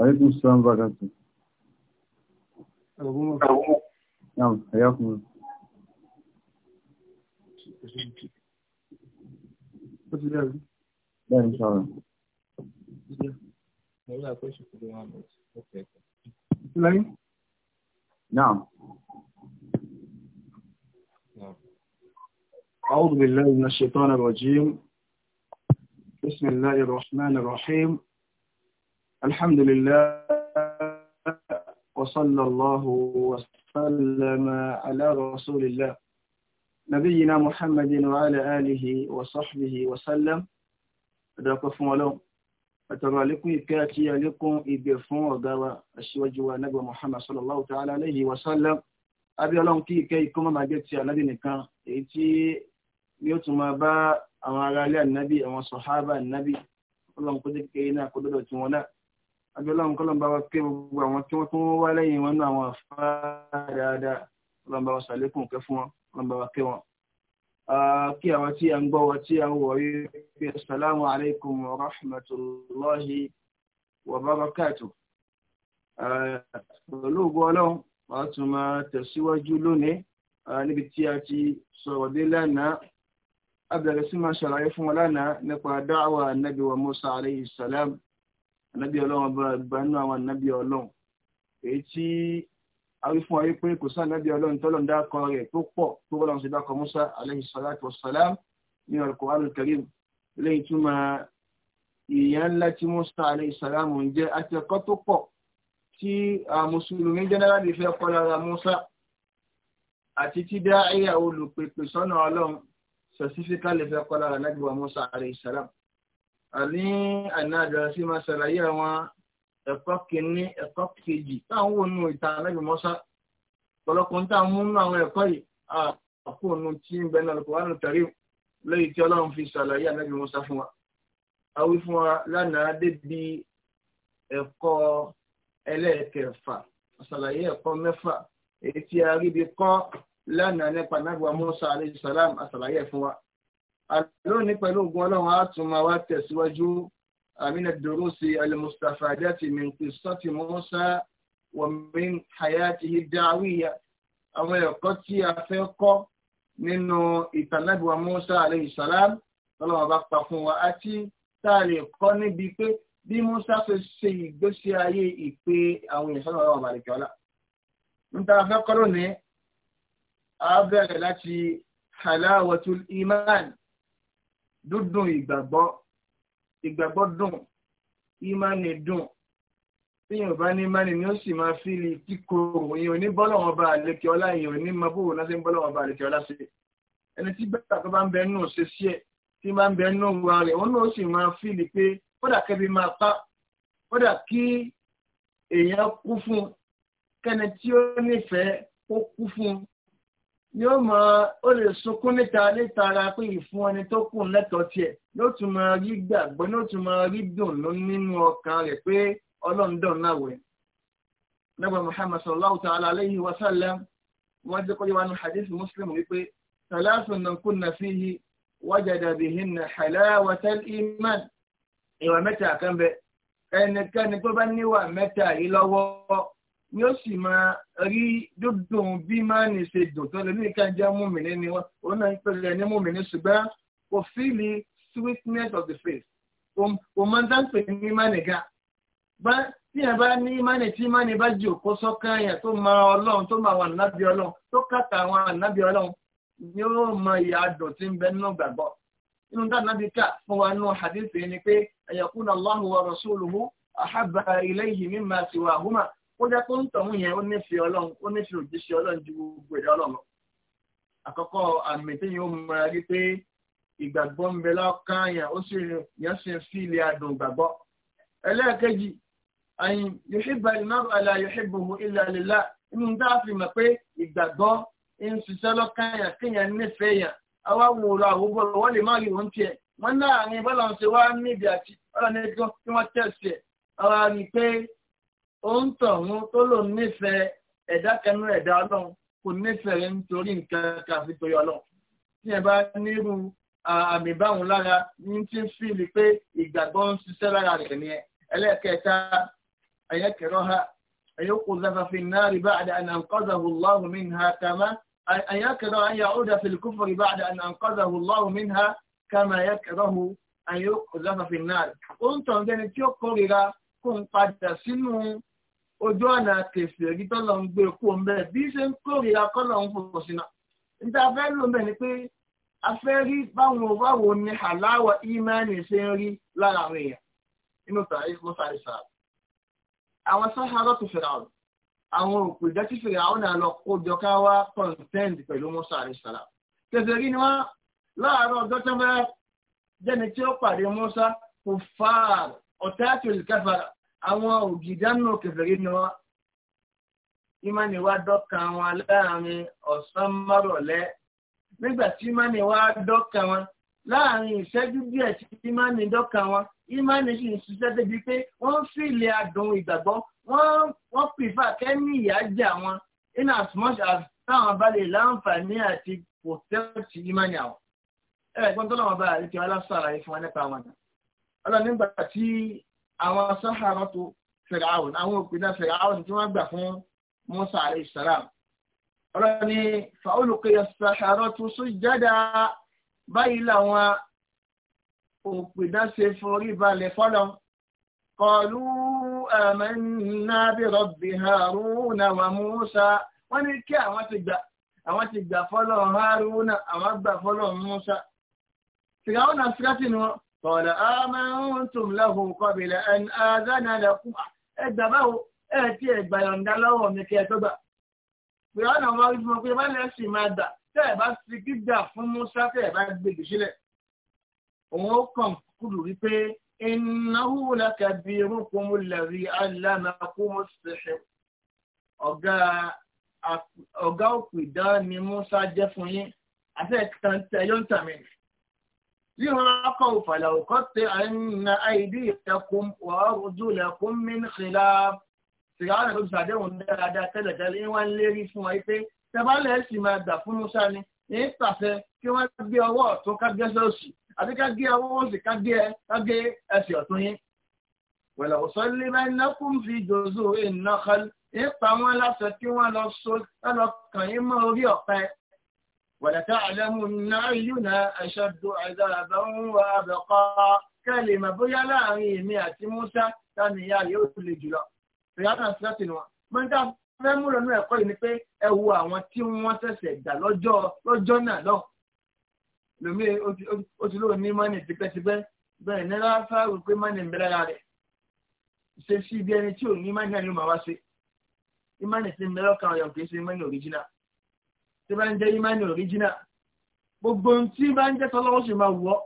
عليكم السلام وبركاته نعم حياكم الله لا ان شاء الله لا نعم أعوذ بالله من الشيطان الرجيم بسم الله الرحمن الرحيم الحمد لله وصلى الله وسلم على رسول الله نبينا محمد وعلى آله وصحبه وسلم أدركوا فمولون àtọ̀rọ̀ àlékún ìkẹ́ àti àlékún ìgbẹ̀ fún ọ̀gá wa aṣíwájú wa anábì muhammad sallallahu ta'ala alayhi wa sallam abẹ́ ọlọ́run kí ìkẹ́ ikú máa jẹ́ ti ànábì nìkan èyí tí yóò tún máa bá àwọn ará ilé ànábì àwọn sọ̀hábà ànábì ọlọ́run kó jẹ́ kékeré náà kó dọ́dọ̀ tí wọ́n náà abẹ́ kọ́ lọ́n bá wa pé gbogbo àwọn tí wọ́n tún wá lẹ́yìn wọn náà àwọn àfáà dáadáa ọlọ́run bá wa ṣàlékún kẹ́ fún wọn ọlọ́run bá wa kẹ́ wọn kí àwọn tí a ń gbọ́ wa tí a ń wọ̀ rí pé salamu alaikum wa rahmatulahi wa barakatu. pẹ̀lú ògbó ọlọ́run wàá tún máa tẹ̀síwájú lónìí níbi tí a ti sọ̀rọ̀ dé lánàá abẹ̀rẹ̀ sí máa ṣàlàyé fún wa lánàá nípa dáwà nàbí wa Musa alayhi salam nàbí ọlọ́run bá gbanú àwọn nàbí ọlọ́run èyí tí àwí fún ọyẹ pé kò sáà nàbí ọlọ́run tọ́lọ́run dákọ rẹ̀ tó pọ̀ tó bọ́lọ́run sí dákọ Musa alayhi salatu wassalam ní al-Qur'anul Karim lẹ́yìn túmọ̀ ìyá ńlá tí Musa alayhi salam ń jẹ́ àti ẹ̀kọ́ tó pọ̀ tí mùsùlùmí jẹ́nẹ́rálì fẹ́ kọ́ lára Musa àti tí dáhìyà olùpèpè sọ́nà ọlọ́run specifically fẹ́ kọ́ lára nàbí Musa alayhi salam àní àná àjọ máa ṣàlàyé àwọn ẹ̀kọ́ kìíní ẹ̀kọ́ kejì táwọn wò nù ìta anábì Mùsá ọ̀pọ̀lọpọ̀ níta mú nù àwọn ẹ̀kọ́ yìí àpò nù tí ń bẹ náà lọ́kọ̀ọ́ àlùtàrí lẹ́yìn tí ọlọ́run fi ṣàlàyé anábì Mùsá fún wa awí fún wa lánàá débi ẹ̀kọ́ ẹlẹ́ẹ̀kẹfà ṣàlàyé ẹ̀kọ́ mẹ́fà èyí tí a rí bi kọ́ lánàá nípa anábì Mùsá salam àṣàlàyé fún wa àlónìí pẹ̀lú ògùn ọlọ́run á tún máa wá tẹ̀síwájú من الدروس المستفادة من قصة موسى ومن حياته الدعوية àwọn ẹ̀kọ́ tí a fẹ́ kọ́ nínú ìtànàbíwá Musa alayhi salam tọ́lọ́wọ́ bá pa fún wa àti tá a lè kọ́ níbi pé bí Musa ṣe ṣe ìgbésí ayé ìpè àwọn èèyàn sọ́nà ọ̀rọ̀ àbàlẹ̀kẹ́ ọ̀la. n ta fẹ́ kọ́ lónìí a bẹ̀rẹ̀ láti halawatul iman dúdùn ìgbàgbọ́ ìgbàgbọ́ dùn ìmánì dùn tíyàn bá ní ìmánì ni ó sì máa fi lè kíkorò ìyẹn ò ní bọ́lọ̀ wọn bá àlekè ọlá ìyẹn ò ní mọ bóòwò náà ṣe ń bọ́lọ̀ wọn bá àlekè ọlá ṣe ẹni tí bàtà tó bá ń bẹ nù ṣe sí ẹ tí bá ń bẹ nù wa rẹ òun náà ó sì máa fi lè pé kódà kẹbi máa pa kódà kí èèyàn kú fún kẹni tí ó nífẹ̀ẹ́ ó kú fún yóò mọ ó lè sunkún níta létara pé ìfún ẹni tó kù lẹ́tọ̀ọ́ tiẹ̀ yóò tún mọ rí gbàgbọ́ yóò tún mọ rí dùn nínú ọkàn rẹ̀ pé ọlọ́run dùn náà wẹ̀. Nabi Muhammad sallallahu ta'ala alayhi wa sallam wọ́n kọ́lé hadith Muslim wípé salasun na kunna fihi wajada na halawatal iman ìwà mẹ́ta kan níwà ni ó sì máa rí dúdùn bí máa ní ṣe dùn tó lè ní ká jẹ́ múmìnì ni wọ́n òun náà ń pèlè ní múmìnì ṣùgbọ́n kò fíìlì sweetness of the face. kò máa ń dáńpẹ̀ ní mánìgá bá tí yẹn bá ní mánì tí mánì bá jù kó sọ́kàn yẹn tó máa ọlọ́run tó máa wà nábì ọlọ́run tó kàtà àwọn ànábì ọlọ́run ni ó mọ ìyá àdùn tí ń bẹ nínú gbàgbọ́ inú dánábì ká fún wa nù hadithi ni pé ayakuna Allahu wa rasuluhu ahabba ilayhi mimma siwahuma kó jẹ́ pé ń tọ̀hún yẹn ó nífẹ̀ẹ́ ọlọ́run ó nífẹ̀ẹ́ òjíṣẹ́ ọlọ́run ju gbogbo ẹ̀dá ọlọ́run lọ. àkọ́kọ́ àmì tí yóò mọra rí pé ìgbàgbọ́ ń bẹ lọ́kàn yẹn ó sì yẹn sì ń fi ilé adùn ìgbàgbọ́. ẹlẹ́ẹ̀kejì àyìn yòṣìbà ìnáwó àlà yòṣìbò ilẹ̀ àlèlá inú tá a fi mọ̀ pé ìgbàgbọ́ ń ṣiṣẹ́ lọ́kàn yẹn kéèyàn nífẹ̀ẹ́ yẹn àwa wò lọ àwọn bọ́ọ̀lù wọ́n lè má rí òun tiẹ̀ wọ́n láàrin bọ́ọ̀lù àwọn ṣe wá níbi àti bọ́ọ̀lù àwọn ẹgbẹ́ tí wọ́n tẹ̀sí ẹ̀ àwa rí pé ó ń tọ̀hún tó lò nífẹ̀ẹ́ ẹ̀dá kẹnu ẹ̀dá ọlọ́run kò nífẹ̀ẹ́ rẹ̀ nítorí nǹkan kàfi torí ọlọ́run tí ẹ bá nírú àmì báwọn lára ní tí ń fìlì pé ìgbàgbọ́ ń ṣiṣẹ́ lára rẹ̀ nìyẹn ẹlẹ́ẹ̀kẹta ẹ̀yẹ́kẹ̀rọ ha ẹ̀yọ́kù zafafin náà rí báyìí àná kọ́zàhùn lọ́hùn mí ha kàmá ẹ̀yẹ́kẹ̀rọ ayé àwòdà fìlìkúfọ̀ rí báyìí àná kọ́zàhùn lọ́hùn mí ha kàmá ẹ̀yẹ́kẹ̀rọ ayé àwòdà fìlìkúfọ̀ rí báyìí àná kọ́zàhùn lọ́hùn mí ha kàmá ẹ̀yẹ́kẹ̀rọ kó ń padà sínú ojú ọ̀nà kẹfẹ́ rí tọ́lọ̀ ń gbé kó ń bẹ́ẹ̀ bí ṣe ń kórìíra kọ́lọ̀ ń fòkò sínú. níta fẹ́ ló ń ni pé a fẹ́ rí báwọn báwo ni àláwọ̀ ìmánì ṣe ń rí lára àwọn èèyàn nínú tàbí kó sáré sáré. àwọn sáhárọ̀ tó fẹ́ra ọ̀rọ̀ àwọn òpèjẹ́ tí fèrè àwọn náà lọ kójọ ká wá kọ̀ǹtẹ́ǹdì pẹ̀lú Musa àrísàlá kẹfẹ́ rí ni wọ́n láàárọ̀ ọjọ́ tó fẹ́ jẹ́ni tí ó pàdé Musa kò fà ọ̀tá àti olùkẹfàrà àwọn ògìdánù kẹfẹ́rí ni wọ́n ìmánì wa dọ́ka wọn láàrin ọ̀sán márọ̀lẹ́ nígbà tí ìmánì wa dọ́ka wọn láàrin ìṣẹ́jú díẹ̀ tí ìmánì dọ́ka wọn ìmánì sì ń ṣiṣẹ́ débi pé wọ́n fi ilé adùn ìgbàgbọ́ wọ́n pèfà kẹ́mí ìyájà wọn in as much as táwọn bá lè láǹfààní àti pòtẹ́ẹ̀tì ìmánì àwọn. ẹ̀ẹ́dẹ́gbọ́n tó lọ́wọ́ bá àríkẹ́ aláṣọ àlàyé fún wọn nípa wọn. ọlọ́run nígbà tí àwọn sáhàrọ́tò fẹ̀ràwọ̀n àwọn òpinna fẹ̀ràwọ̀n tí wọ́n gbà fún Musa alayhi salam ọ̀rọ̀ ni fàólùkẹ́yà sáhàrọ́tò sujada báyìí làwọn òpinna ṣe forí balẹ̀ fọ́lọ́ kọlu amanna bi rabbi haruna wa Musa wọ́n ní kí àwọn ti gbà àwọn ti gbà fọ́lọ́ haruna àwọn gbà fọ́lọ́ Musa fẹ̀ràwọ̀n àti قال آمنتم له قبل أن آذن لكم ẹgbàbáwo ẹ ti ẹgbà yọ̀ǹda lọ́wọ́ mi kẹ́ ẹ tó gbà pé ọ̀nà wọn rí fún ọ pé bá lẹ́ sì máa dà tẹ́ ẹ bá ti gbígbà fún Musa tẹ́ ẹ bá gbègbè sílẹ̀ òun ó kàn kúrò wípé innahu lakabirukum alladhi allamakumus sihr ọ̀gá ọ̀gá òkú ìdánimúsá jẹ́ fún yín àti ẹ̀ka ẹ̀yọ́ ń tàmì nì. ليراقوا فلو قطعن أيديكم وأرجلكم من خلاف sìgáàrà tó ṣàdéhùn dáadáa tẹ́lẹ̀tẹ́lẹ̀ ní wọ́n lérí fún wa pé tẹ́bálẹ̀ sì máa gbà fún musa ni ní pàṣẹ kí wọ́n gbé ọwọ́ ọ̀tún ká gbé sọ́ọ̀sì àti ká ọwọ́ òsì ká ẹsẹ̀ ọ̀tún yín. wẹ̀lẹ̀ òsán lé bá iná kún fi jòzó iná kan nípa wọn kí wọ́n lọ so lọ́kàn yín mọ́ orí ọ̀pẹ ولتعلمن أينا أشد عذابا وأبقى kẹ́lìmọ̀ bóyá láàrin èmi àti Musa tani ìyá yóò le jùlọ. Fìyàtà sílẹ̀tì ni wọn. Mọ́ńdà fẹ́ múlò nínú ẹ̀kọ́ yìí ni pé ẹ wo àwọn tí wọ́n ṣẹ̀ṣẹ̀ gbà lọ́jọ́ lọ́jọ́ náà lọ. Lòmí o ti lóò ní mọ́nì tipẹ́tipẹ́ bẹ́ẹ̀ ní láfá rò pé mọ́nì ń bẹ́rẹ̀ rẹ̀. Ṣé sí ibi ẹni tí ò ní mọ́nì náà ni ó máa wá ṣe? Ìmọ̀nì ti ń bẹ́rẹ̀ kan ọ̀yọ̀ kì í ṣe mọ́nì òríjínà tí bá ń jẹ́ imani original gbogbo tí bá ń jẹ́ tọ́lọ́wọ́ sì máa wọ̀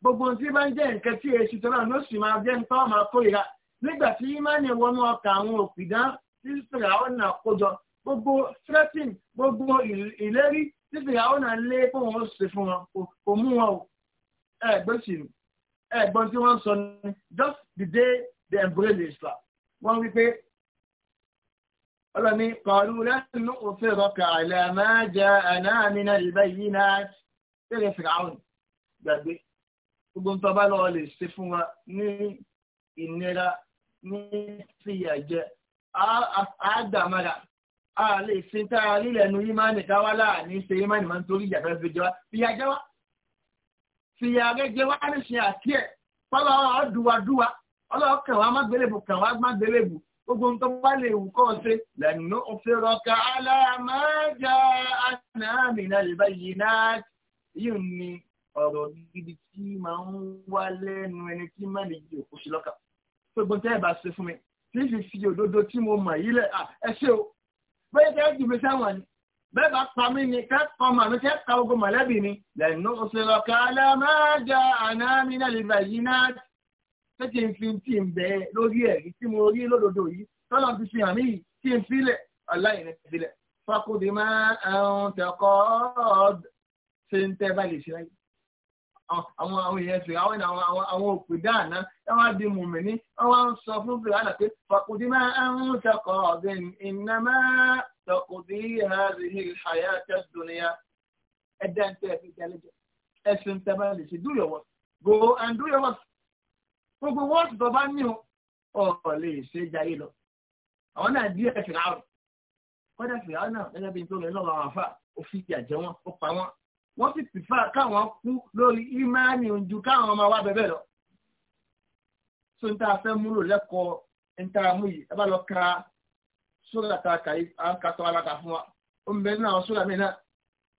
gbogbo tí bá ń jẹ́ nǹkan tí èsì tọ́lá ló sì máa jẹ́ nǹkan máa kórìíra nígbà tí imani wọnú ọkà àwọn òpìdán tí sèrè àwọn náà kójọ gbogbo threatening gbogbo ìlérí tí sèrè àwọn náà lé pé wọn ó ṣe fún wọn kò mú wọn o ẹ gbọ́n sì ẹ gbọ́n tí wọ́n sọ ní just the day they embrace Islam wọ́n wí pé ọlọ́ni kọlu lẹ́nu òfin rọ̀kà àlàmà jẹ́ ànáàmìnà ìbẹ́yìn náà tẹ́lẹ̀ fìràwùn gbàgbé gbogbo ń tọ́ba lọ́wọ́ lè ṣe fún wa ní ìnira ní fìyàjẹ àádàmára a lè ṣe tá a rí lẹ́nu ìmánì káwá láàní ṣe ìmánì máa ń torí ìjà fẹ́ẹ́ fi jẹ wá fìyàjẹ wá fìyàjẹ jẹ wá ní ṣe àkíyẹ fọlọ́ ọ̀dùwàdùwà ọlọ́ọ̀kàn wa má gbélébù kàn wá má gbélébù gbogbo nǹkan bá lè wù kọ́ ṣe lẹ́nu òfìrọ̀kà aláàmájà ànáàmìnà ìbáyìí náà yìí ni ọ̀rọ̀ gidi tí máa ń wá lẹ́nu ẹni tí má lè yí òkú sí lọ́kà gbogbo tẹ́ ẹ bá ṣe fún mi tí fi fi òdodo tí mo mọ̀ yí lẹ̀ ẹ ṣe o bẹ́ẹ̀ tẹ́ jù mí sáwọn ni bẹ́ẹ̀ bá pa mí ni ká màá mi kẹ́ka ogun mọ̀lẹ́bí ni lẹ́nu òfìrọ̀kà aláàmájà ànáàmìnà ìbáyìí ṣé kí n fi tí n bẹ lórí ẹ̀rí tí mo rí lódodo yìí tọ́lá ti fi hàn mí yìí kí n filẹ̀ aláìní filẹ̀ fakudi máa ń tẹ̀kọ́ ṣe ń tẹ́ báyìí ṣe láyé àwọn àwọn èèyàn ṣe àwọn àwọn àwọn òpè dáàná ẹ di mùmí ní wọn ń sọ fún fìlànà pé fakudi máa ń tẹkọ ọdún iná máa tọkùdí hàzìhì àyà tẹsùdùnìyà ẹdá ń tẹ ẹfẹ jálẹjẹ ẹsùn tẹ báyìí ṣe do your work go and do your work gbogbo wọ́ọ̀sì tó bá ní o ọ̀ lè ṣe jayé lọ àwọn náà díẹ̀ fìlàrọ̀ kọ́dà fìlàrọ̀ náà gẹ́gẹ́ bí n tó lọ lọ́wọ́ àwọn àfà ó fi ìyà jẹ wọn ó pa wọn wọ́n sì pìfà káwọn kú lórí ìmáàní ojú káwọn ọmọ wa bẹ̀bẹ̀ lọ. so n ta fẹ́ múlò lẹ́kọ̀ọ́ n ta mú yìí ẹ bá lọ ka sódà ta kàyí à ń ka tọ́ alága fún wa ó ń bẹ nínú àwọn sódà mìíràn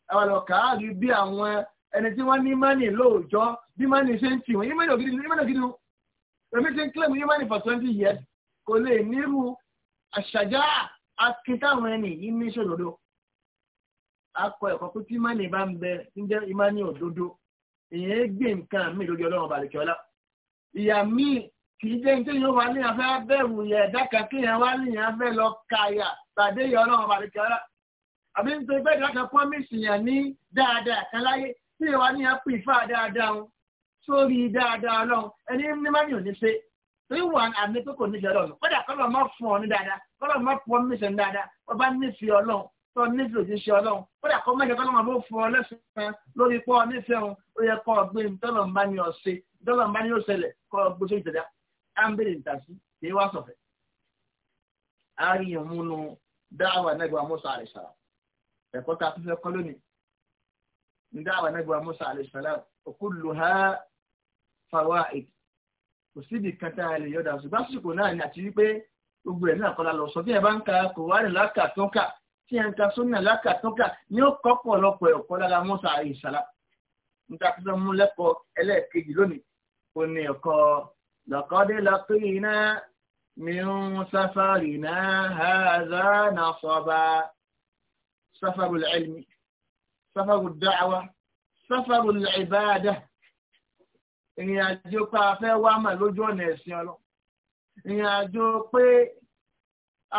ẹ bá lọ kà á rí bí àwọn ẹni tí wọ́n ní mánì lóòjọ́ bí mánì ṣe ń tì wọ́n ìmánì ògidì èmi ti ń claim human for twenty years kò lè nírú àṣàjá akíntàwọn ẹni yìí ní ṣòdodo akọ ẹ̀kọ́ pé tí mani bá ń bẹ ń jẹ́ imani òdodo èyàn gbé nǹkan mi lórí ọlọ́run balẹ̀kíọ́lá ìyá mi kì í jẹ́ ní tẹ́yìn wà ní afẹ́ bẹ̀rù yẹ ẹ̀dá kan kí yẹn wá ní afẹ́ lọ kàyà pàdé yẹ ọlọ́run balẹ̀kíọ́lá àbí nítorí bẹ́ẹ̀ dákan pọ́nmísì yẹn ní dáadáa kan láyé tí yẹn wá ní apò ìfà dáadáa wọn sórí dáadáa ọlọ́run ẹni ní má ní òní ṣe torí wà àmì pé kò ní ṣe ọlọ́run kódà kọ́lọ̀ má fún ọ ní dáadáa kọ́lọ̀ má fún ọ ní ṣe dáadáa ọba nífẹ̀ẹ́ ọlọ́run tọ́ nífẹ̀ẹ́ òjíṣẹ́ ọlọ́run kódà kọ́ mẹ́jọ kọ́lọ́ máa bó fún ọ lẹ́sìn-án lórí pọ́ nífẹ̀ẹ́ òun ó yẹ kọ́ ọgbẹ́ ìtọ́lọ̀ ń bá ní ẹ̀kọ́ ta fífẹ́ kọ́ lónìí dáhàwá nẹ́gbàá Musa àlẹ́sà òkú lù há fawaid kò síbi kan tá a lè yọ̀dà ṣùgbọ́n àsìkò náà ni àti wípé gbogbo ẹ̀ náà kọ́lá lọ sọ bí ẹ bá ń ka kòwárì lákàtúnkà tí ẹ ń ka sónà lákàtúnkà ni ó kọ́ pọ̀lọpọ̀ ẹ̀kọ́ lára mọ́sà ìṣàlá nígbà tó mú lẹ́kọ̀ọ́ ẹlẹ́ẹ̀kejì lónìí ó ní ẹ̀kọ́ lọ́kọ́dé lọ́kìnínà mìíràn sáfàrìnà hàzà nàṣọ́bà sáfàrù ilmi sáfàrù da'wa sáfàrù ìbáadà ìrìn àjò pé a fẹ́ wá mà lójú ọ̀nà ẹ̀sìn ọlọ́run ìrìn àjò pé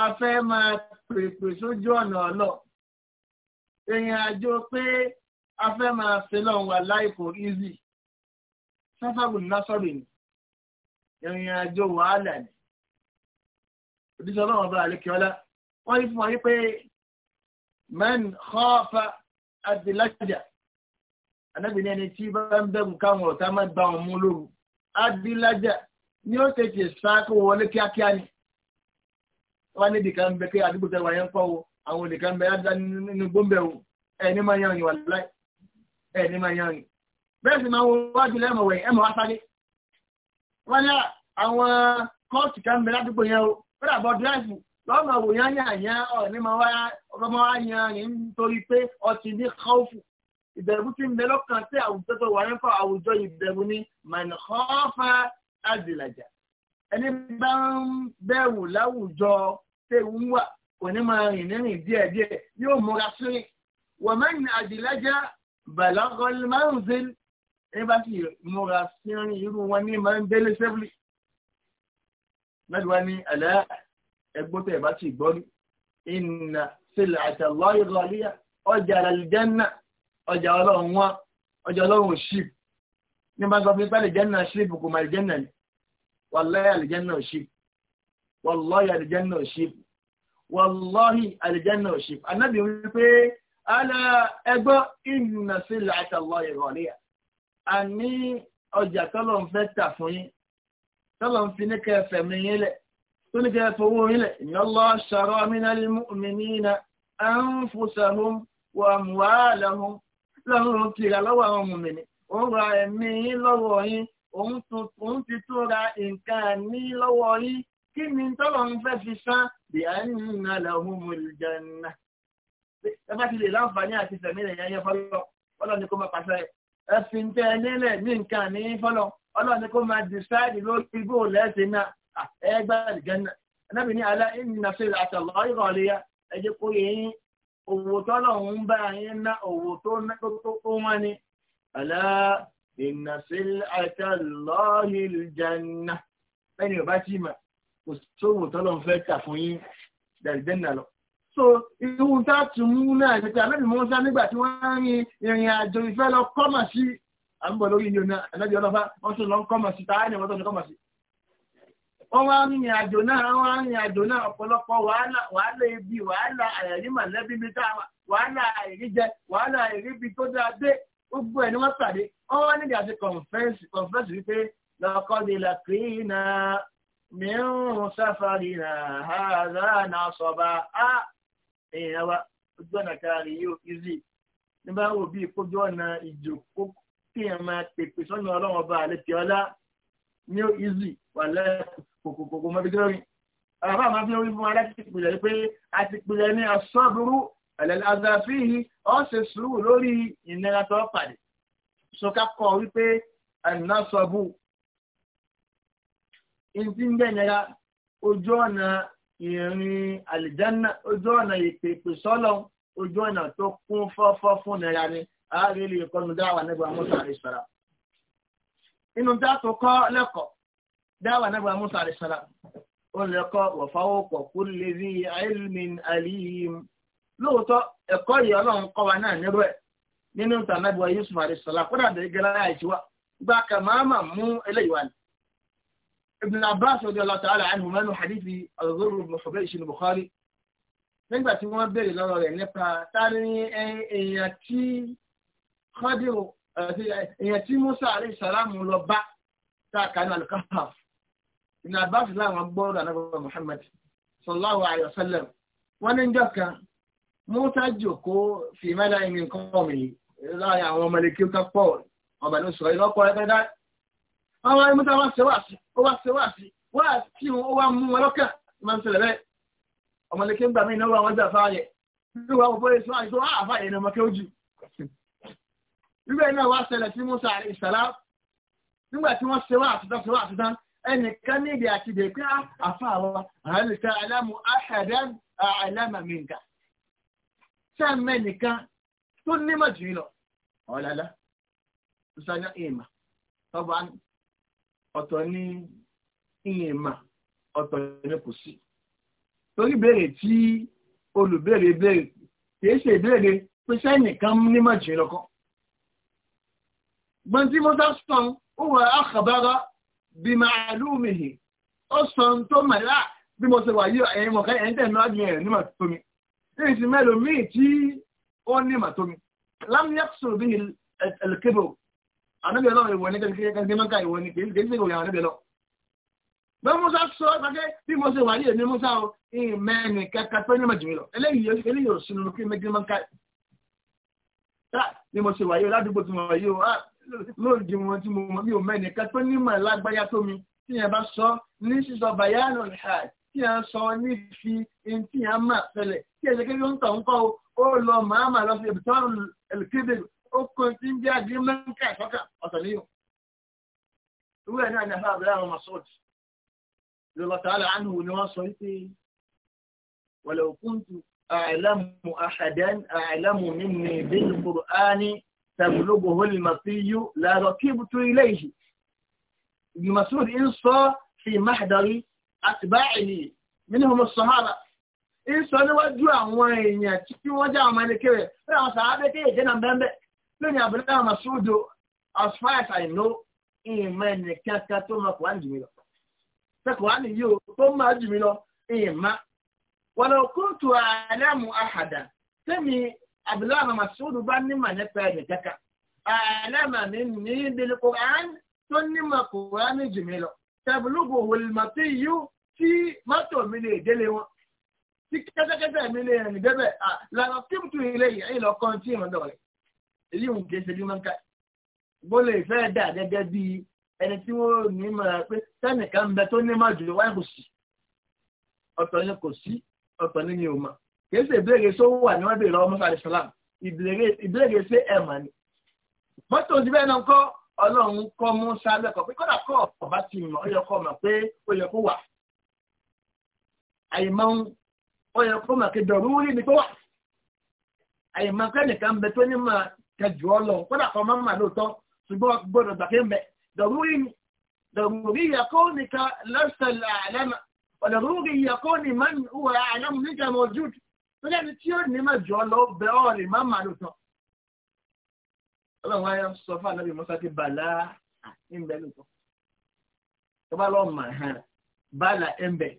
a fẹ́ máa pèpè sójú ọ̀nà ọlọ́ ìrìn àjò pé a fẹ́ máa ṣe lọ́run wà láìpò easy sáfàbù násọ̀rì ni ìrìn àjò wàhálà ni òdíṣẹ́ ọlọ́run ọba àlékiọ́lá wọ́n yí fún wa wípé mẹ́rin kọ́ fa adìlájà anábì ní ẹni tí bá ń bẹ̀rù káwọn ọ̀tá má gbá wọn mú lóru adílájà ni ó tètè sáàkó wọlé kíákíá ni wọn níbi kan bẹ pé àdúgbò tẹwàá yẹn ń kọ́ wo àwọn olè kan bẹ ádá nínú gbóǹbẹ̀ wo ẹni máa yan ìwà láì ẹni máa yan ìwà bẹ́ẹ̀ sì máa wo wájú lẹ́mọ̀ wẹ̀ ẹ̀mọ̀ wá sáré wọ́n ní àwọn kọ́ọ̀tù kan bẹ ládùúgbò yẹn o fẹ́rẹ̀ àbọ̀ dírẹ́sì lọ́mọ̀ wò yán yàn yán ọ̀ ní máa wá ọmọ ìbẹ̀rù tí mẹ́lọ́kàn tí àwùjọ tó wà nípa àwùjọ ìbẹ̀rù ni mànìkọ́fà àdìlàjà ẹni bá ń bẹ̀rù láwùjọ tẹ̀ ń wà kò ní máa rìn nírìn díẹ̀díẹ̀ yóò múra sílẹ̀ wọ́n máa ń àdìlàjà bàlágọ́lì máa ń zèl ẹni bá sì múra sírin irú wọn ní máa ń délé sẹ́fìlì mẹ́lùwá ní àlẹ́ ẹgbọ́n tẹ̀ bá sì gbọ́ ní ìnà sílẹ̀ àtàlọ́ ìrọ̀lẹ́yà ọjà àlàlìjẹ́ náà ọjà ọlọ́run wọ́n ọjà ọlọ́run ṣíp ní bá sọ fún pé àlìjẹ́nà ṣíp kò mà àlìjẹ́nà ni wàláyé àlìjẹ́nà ṣíp wàláyé àlìjẹ́nà ṣíp wàláyé àlìjẹ́nà ṣíp anábì wí pé ala ẹgbọ́ ìnà sílẹ̀ àtàlọ́ ìrọ̀lẹ́ àní ọjà tọ́lọ̀ ń fẹ́ tà fún yín tọ́lọ̀ ń fi ní tó ní kẹfẹ́ owó yín lẹ̀ ìyọ́n lọ́ ṣàrọ́ mí náà lè mú mi ní ìnà anfusahum wa amwalahum lọ́run kìlà lọ́wọ́ àwọn ọmọ mi ni ó ra ẹ̀mí yín lọ́wọ́ yín òun ti tún ra nǹkan ní lọ́wọ́ yín kí ni tọ́lọ̀ ń fẹ́ fi sán bí a ń na lahumul janna. ẹ bá ti lè láǹfààní àti fẹ̀mí rẹ̀ yẹn yẹn fọlọ́ ọlọ́ni kó máa pàṣẹ ẹ fi ń tẹ ẹ nílẹ̀ ní nǹkan ní fọlọ́ ọlọ́ni kó máa dìsáìdì lórí bó lẹ́sìn náà ẹ gbá àlìjẹ́nà. anábì ní alá ìnìyàn àtàlọ́ ìrọ̀lẹ́yà ẹ jẹ́ kó yẹ òwò tọ́lọ̀ ń bá yín ná òwò tó wọ́n ni alá ìnàṣíl àtàlọ́hìl jẹ́nà ẹni ọba tí mà kò sówò tọ́lọ̀ ń fẹ́ tà fún yín dàgbẹ́nà lọ. so irú tá a tún mú náà ní pé alábì mọ́sá nígbà tí wọ́n rin ìrìn àjò ìfẹ́ lọ kọ́mà sí àbúbọ̀ lórí ìlú náà alábì ọlọ́fà wọ́n tún lọ kọ́mà sí táyà ní wọ́n tún wọ́n wá rìnrìn àjò náà wọ́n wá àjò náà ọ̀pọ̀lọpọ̀ wàhálà ebi wàhálà àìrí mọ̀lẹ́bí mi wàhálà jẹ wàhálà bi tó dáa dé gbogbo ẹ̀ ni wọ́n pàdé níbi àti kọ̀ǹfẹ́ǹsì kọ̀ǹfẹ́ǹsì wípé lọ́kọ́lé làkìrínà mìíràn sáfàrì àhàrà náà sọ̀bà á èèyàn wa ojú ọ̀nà káàrí yóò bí ìkójú ọ̀nà èèyàn máa pèpè kòkòkòkò mọ́bí tó rìn àwọn àwọn afi orí fún wa láti pìlẹ̀ pé a ti pìlẹ̀ ní asọ́burú àzàfihì ọ̀sẹ̀ sùúrù lórí ìnira tó pàdé sọ́ká kọ́ wípé ànásọ́bù ìdí ń gbẹ̀nira ojú ọ̀nà ìrìn àlìjánná ojú ọ̀nà ìpèpè sọ́lọ́ ojú ọ̀nà tó kún fọ́fọ́ fún nira ni àárẹ̀ lè kọ́nu dáwà nígbà mọ́tò àrísọ̀rọ̀ inú dá tó kọ́ lẹ́kọ̀ọ́ dáwà nàbà musa àdìsálà ó lè kọ́ wọ̀fáwọ́pọ̀ kó lè rí ilmin aliyim lóòótọ́ ẹ̀kọ́ yìí ọlọ́run kọ́ wa náà nírú ẹ̀ nínú ìtàn nàbà yusuf àdìsálà kó dàbí gẹ́lẹ́ àìsíwá gba kàmáàmà mú eléyìí wá ní. ibn abbas radi allah ta'ala anhu mẹ́nu hadithi al-ghurr al-muhbaysh al-bukhari nígbà tí wọ́n béèrè lọ́rọ̀ rẹ̀ nípa tani èèyàn tí tí musa alayhi salam lọ bá tá a kà ìnà àbáṣe láwọn gbọ́dọ̀ ànábọ̀ Muhammad sallallahu alayhi wa sallam wọ́n ní njọ́ kan Musa jòkó fi mẹ́ta ìmì nǹkan ọ̀mì láàrin àwọn ọmọlẹ́kí ó kápọ̀ ọ̀bà ní sọ̀rọ̀ ìlọ́pọ̀ rẹ̀ dáadáa. wọ́n wá ní Musa wá ṣe wáàsí ó wá ṣe wáàsí wá tí ó wá mú wọn lọ́kàn ó máa ń ṣẹlẹ̀ bẹ́ẹ̀ ọmọlẹ́kí ń gbà mí náwó àwọn náà wá ṣẹlẹ̀ sí nígbà tí wọ́n ṣe wáàsí tán ṣe wáàsí tán ẹnìkan níbi àti dèkí àfàwà àhàlùkà alámù àhàdán àlámà mìǹkà sáàmì ẹnìkan tó nímọ̀ jù lọ ọ̀làlá ìsáná ìmà tọ́ba ọ̀tọ̀ ní ìyẹ̀mà ọ̀tọ̀ ní kò sí torí béèrè tí olùbéèrè béèrè kìí ṣe ìbéèrè pé sẹ́nìkan nímọ̀ jù lọ kọ́ gbọ́n tí mo dá sọ̀n ó wà á kàbára bí máa lúmi hì ó sọ tó màlá bí mo ṣe wà yí ẹ̀yìn mọ̀ká ẹ̀yìn tẹ̀ náà ju ẹ̀yìn nímọ̀ tó mi ní ti mẹ́lò míì tí ó nímọ̀ tó mi lámúyàkùsùn bí ẹ̀lẹ́kẹ́bọ̀ ànábìyàn náà ìwọ ní kẹ́kẹ́ ìwọ ní kẹ́kẹ́ ìwọ ní ànábìyàn náà bẹ́ẹ̀ musa sọ pàṣẹ bí mo ṣe wà yí èmi musa o ìmẹ́ni kẹ́kẹ́ tó nímọ̀ jù mí lọ eléyìí ò sínú kí lóòdì wọn tí mo mọ̀ mi ò mẹ́ni ká tó nímọ̀ lágbáyá tó mi tí yẹn bá sọ ní sísọ bayanu hajj tí yẹn sọ ní fi ní tí yẹn máa fẹlẹ̀ tí yẹn ṣẹ́kẹ́ yóò ń tọ̀ ń kọ́ ó lọ màámà lọ sí ìbítọ́rùn ẹ̀lẹ́kẹ́dẹ̀ ó kọ́ tí ń bí agírímẹ́ńkà ìfọ́kà ọ̀tọ̀ níyàn. ìwé ẹ̀ náà ní afárá abúlé àwọn masọ́ọ̀dì lọ́lọ́ta aláàánú ni wọ́n sọ wípé wàlẹ̀ òkúntù أعلم أحدا أعلم مني بالقرآن tẹ̀gbọ́lógún holima sí yú lẹ́rọ kí ibùtú ilé yìí Ibn Mas'ud ń sọ fi mahdari atba'ihi minhum as-sahaba ń sọ níwájú àwọn èèyàn tí wọ́n já àwọn ẹnikẹ́rẹ̀ pé àwọn sàábé kéèké náà bẹ́ẹ̀ lónìí Abdullahi Mas'ud as far as I know ìmọ̀ ẹnìkankan tó mọ̀ kùránì jù mí lọ sẹ́kùránì yìí ó tó mọ̀ jù mí lọ ìmọ̀ wọ́n lọ kóòtù àlẹ́mù àhàdà abdullahi ọmọ masudu bá nímọ̀ nípa ẹ̀rẹ̀ kẹ́kẹ́ ẹlẹ́mà mi ní ìdílé koran tó nímọ̀ koran ní jùmí lọ tẹ̀bùlùkù wòlùmọ̀tì yìí tí mọ́tò mi lè délé wọn tí kẹ́tẹ́kẹ́tẹ́ mi lè rìn débẹ̀ làwọn kí mùtù ilé yìí lọ kọ́ tí ìrìn dọ̀rẹ́ èyí ò ń ké ṣe bí wọ́n ká gbọ́dọ̀ ìfẹ́ dà gẹ́gẹ́ bí ẹni tí wọ́n ní mọ̀ pé sẹ́nìkan ń bẹ tó ní mọ̀ jù wáyé kò sí ọ̀tọ̀ ni kò sí ọ̀tọ̀ ni mi ò mọ̀ kìí ṣe ìbéèrè só wà ní wọ́n béèrè lọ́wọ́ musa alayisalaam ìbéèrè ṣé ẹ̀ mà ni. mọ́tò ti bẹ́ẹ̀ náà kọ́ ọlọ́run kọ́ musa lẹ́kọ̀ọ́ pé kọ́dà kọ́ ọ̀bá ti mọ̀ ó yẹ kó mọ̀ pé ó yẹ kó wà. àyèmọ́ ó yẹ kó mọ̀ pé dọ̀rú rí ni kó wà. àyèmọ́ kẹ́nìkan bẹ tó ní mà kẹjù ọ lọ kọ́dà kọ́ mọ́ mà lóòótọ́ ṣùgbọ́n gbọ́dọ̀ gbà pé ń dọ̀rú rí ni ضروري كونك من هو أعلم منك موجود tó jẹ́ni tí ó ní mọ̀jù ọ lọ bẹ ọ́ lè má màlù tán. ọlọ́run ayé sọ fún ànábì musa ti bàlá ẹ̀ńbẹ́ lùtọ́ tó bá lọ́ọ́ mà hàn bàlá ẹ̀ńbẹ́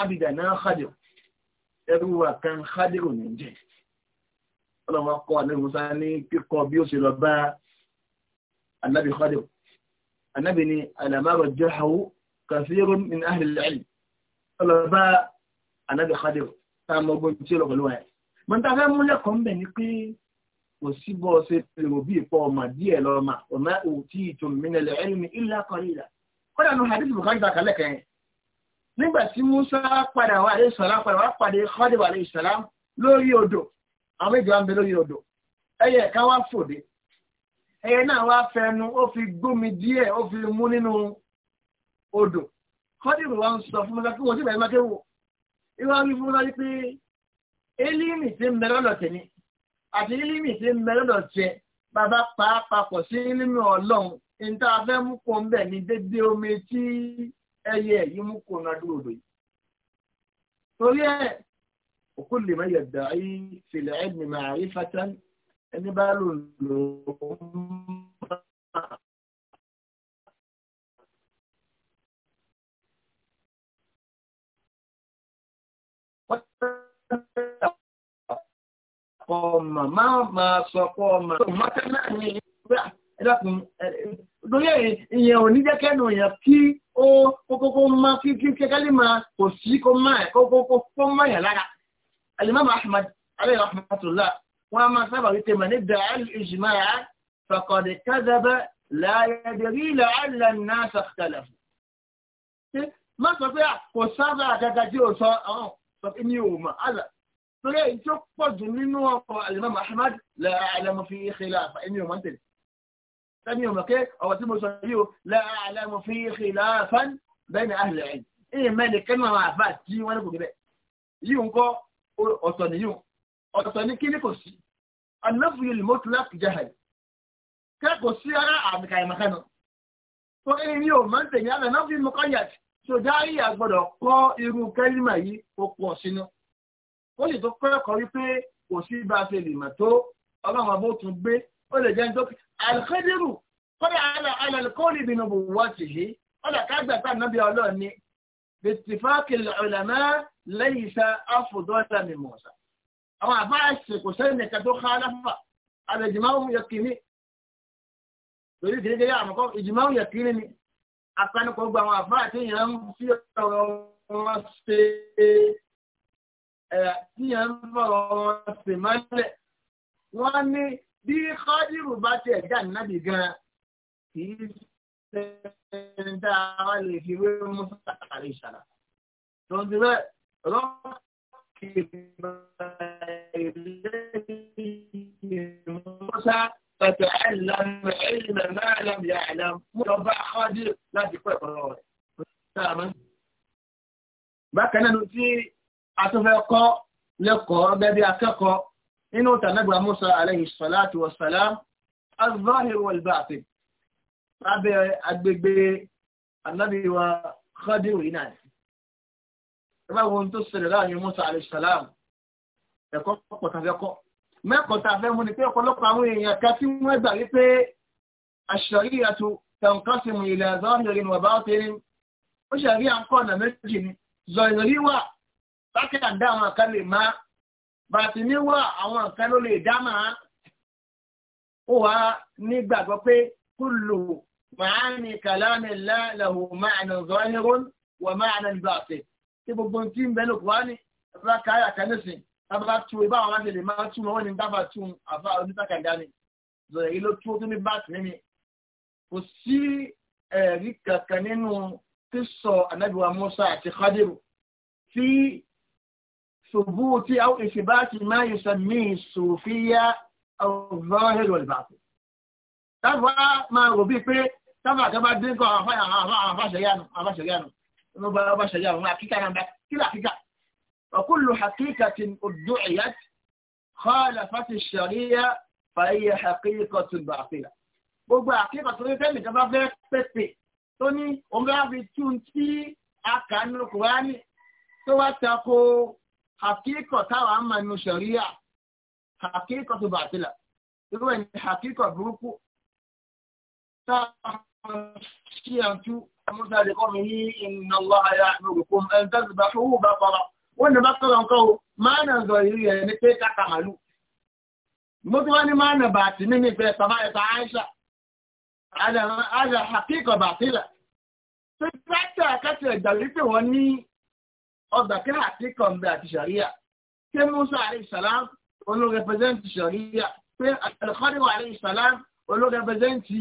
abidà náà xadìrò ẹrú wa kan xadìrò ní jẹ ọlọ́run akọ ànábì musa ní kíkọ bí ó ṣe lọ bá ànábì xadìrò ànábì ní àlàmárò jẹ́ hàwó kàfíìrún ní àhìlẹ́lẹ́ ọlọ́run bá ànábì xadìrò tá a mọ gbọ́n tí ó lọ pẹ̀lú ẹ̀. mo ń ta fẹ́ mú lẹ́kọ̀ọ́ ń bẹ̀ ni pé kò sí bọ́ ṣe lèrò bí ìpọ̀ ọmọ díẹ̀ lọ́mà ọmọ òtí ìtòm mínẹlẹ̀ ẹ̀lùmí ìlà kọlílà kọ́dà ní hadith bukari ta kàlẹ́ kẹ́yìn nígbà tí musa padà wà àdé sọ̀rọ̀ padà wà pàdé kọ́dìwà àdé sọ̀rọ̀ lórí odò àwọn méjì wà ń bẹ lórí odò ẹyẹ ká wá fòde ẹyẹ náà wá fẹnu ó fi gbómi díẹ̀ ó fi mú nínú odò kọ́dìwà ń sọ fún mi kí wọ́n sì bẹ̀rẹ̀ máa kéwò ìwà wí fún lọ́dí pé elimi ti ń bẹ lọ́dọ̀ àti elimi ti ń bẹ lọ́dọ̀ bàbá pàápàpọ̀ sí elimi ọlọ́run níta fẹ́ mú kó ń bẹ̀ ní dédé omi tí ẹyẹ yìí mú kó náà dúró lóyè. torí ẹ òkú lè má yẹ dà fìlẹ̀ ẹ̀ ní màá rí fatan ẹni bá lò lò ó ọmọ máa ma sọ pé ọmọ mọ́tẹ́ náà ní ìgbà ah, ẹ̀dọ́kùn lórí ìyẹn ò ní jẹ́kẹ́nu èèyàn kí ó kókókó má kí kí kẹ́kẹ́lì máa kò sí kó má ẹ̀ kókókó má yàn lára alimami ahmad alayhi rahmatulah wọn a máa sábà wípé mà ní bẹ̀rẹ̀ ìjìmá yà fàkọ̀dé kẹ́dẹ́bẹ́ láyẹ̀dẹ̀rí ilẹ̀ àlẹ́ náà má sọ pé ah, kò sábà gàgàjì ò sọ àwọn ah, sọ pé ní òun mà torí èyí tí ó pọ̀ jù nínú ọkọ̀ alimam ahmad la'alamu fi khilaf ẹni ọmọ tẹ̀lé sẹ́ni ọmọ kẹ́ ọ̀rọ̀ tí mo sọ yìí o la'alamu fi khilafan bayna ahli ilm ìyẹn mẹ́rin kẹ́nu àwọn àbá tí wọ́n ní kò níbẹ̀ yìí ń kọ́ ọ̀tọ̀ ni yìí ọ̀tọ̀ ni kí ni kò sí anáfu yìí lèmọ́ tó láti jẹ́ hàì kẹ́kọ̀ọ́ sí ara àmì kàìmọ̀kánu tó ẹni ọmọ tẹ̀lé anáfu yìí ó sì tó kẹ́kọ̀ọ́ wípé kò sí bá a ṣe lè mà tó ọlọ́run abó tún gbé ó lè jẹ́ ní tó alikadiru kọ́dà alalikọ́ọ̀lì bínú bò wá sí i kọ́dà kágbà tá nàbí ọlọ́run ni bìtìfáàkì ọ̀làmá lẹ́yìn sa áfùdọ́ta mi mọ̀ọ́sà àwọn àbá àṣekò sẹ́yìn nìkan tó ká aláfà àbẹ̀jìmáwò yẹ kìíní torí kìíní yà ni apanukọ̀ gba àwọn àbá àti ìyàn ń fi ọ̀rọ̀ wọn ṣe é ẹ̀yà tí ẹ̀ ń bọ̀rọ̀ wọn sì máa ń lẹ̀. Wọ́n ní bí Kọ́dírù bá ti ẹ̀dá nábì gan-an kì í ṣe ń dá wa lè fi wé Musa àrí ìṣàlá. Tòǹdì bẹ́ẹ̀ rọ́ọ̀kì Musa tẹ̀tẹ̀ ẹ̀lẹ́mẹ̀ ẹ̀lẹ́mẹ̀ mẹ́rẹ̀lẹ́m yà ẹ̀lẹ́m mú lọ bá Kọ́dírù láti pẹ̀lú rẹ̀. Bákan náà ló ti atúnfẹ́ kọ́ lẹ́kọ̀ọ́ gẹ́gẹ́ bí akẹ́kọ̀ọ́ nínú tànàgbà Musa alayhi salatu wa salam az-zahir wal batin lábẹ́ agbègbè anábìwa khadiru iná ìbáwọn tó ṣẹlẹ̀ láàrin Musa alayhi salam ẹ̀kọ́ pọ̀tàfẹ́kọ́ mẹ́kọ̀ọ́ta fẹ́ mú ni pé ọ̀pọ̀lọpọ̀ àwọn èèyàn ká tí wọ́n gbà wípé ash-shari'atu tanqasimu ila zahirin wa batin ó ṣàrí àǹkọ́ ọ̀nà méjì ni zọ̀rìn rí wà sákìlà dá àwọn kan lè má bàtí níwúrà àwọn kan ló lè dá máa ó wá nígbàgbọ́ pé kúlù màánì kàlámì láàlàhù màánà zọ́ọ́nìrún wà màánà bàtì tí gbogbo tí ń bẹ́ẹ̀ ló wá ní bá káyà kan nísìn bá tú ibà àwọn àti lè máa tú wọn ní dábàá tú àfa onítàkàdá ni zọ̀rọ̀ yìí ló tú tó ní bàtì nínú kò sí ẹ̀rí kankan nínú sísọ anábìwá Musa àti Khadiru tí ثبوت أو إثبات ما يسميه الصوفية الظاهر والباطن táwa máa rò bíi pé táwa kan bá dín kan àwọn afáṣẹyánu afáṣẹyánu inú bá afáṣẹyánu wọn àkíkà náà kílà kíkà وكل حقيقة ادعيت خالفت الشريعة فهي حقيقة باطلة gbogbo àkíkà tó ní fẹ́mi kan bá fẹ́ pèpè tó ní òun bá fi tún tí a kà nínú Kùránì tó wá tako hakíkọ̀ táwọn á máa nu ṣẹ̀ríyà hakíkọ̀ tó bàtílà irú ẹ̀ ní hakíkọ̀ burúkú táwọn ṣí àtú musa lè kọ́ mi ní iná láàyà lórúkún ẹ̀ ń tẹ́sí bá fowó bá pàrọ̀ wọ́n ní bá sọ̀rọ̀ nǹkan o máa nà zọ ìrì ẹ̀ pé káka màlúù mo tún wá ní máa nà bàtí mí ní ìfẹ́ sàmá ẹ̀ta Aisha àdà hakíkọ̀ bàtílà tó tẹ́tẹ́ àkẹ́tẹ̀ ìgbàlítẹ̀ wọn ní ọgbà kí tí ń bẹ àti ṣàríyà kí musa alayhi salam olórẹpẹsẹ̀ntì ṣàríyà pé alkhadiru alayhi salam olórẹpẹsẹ̀ntì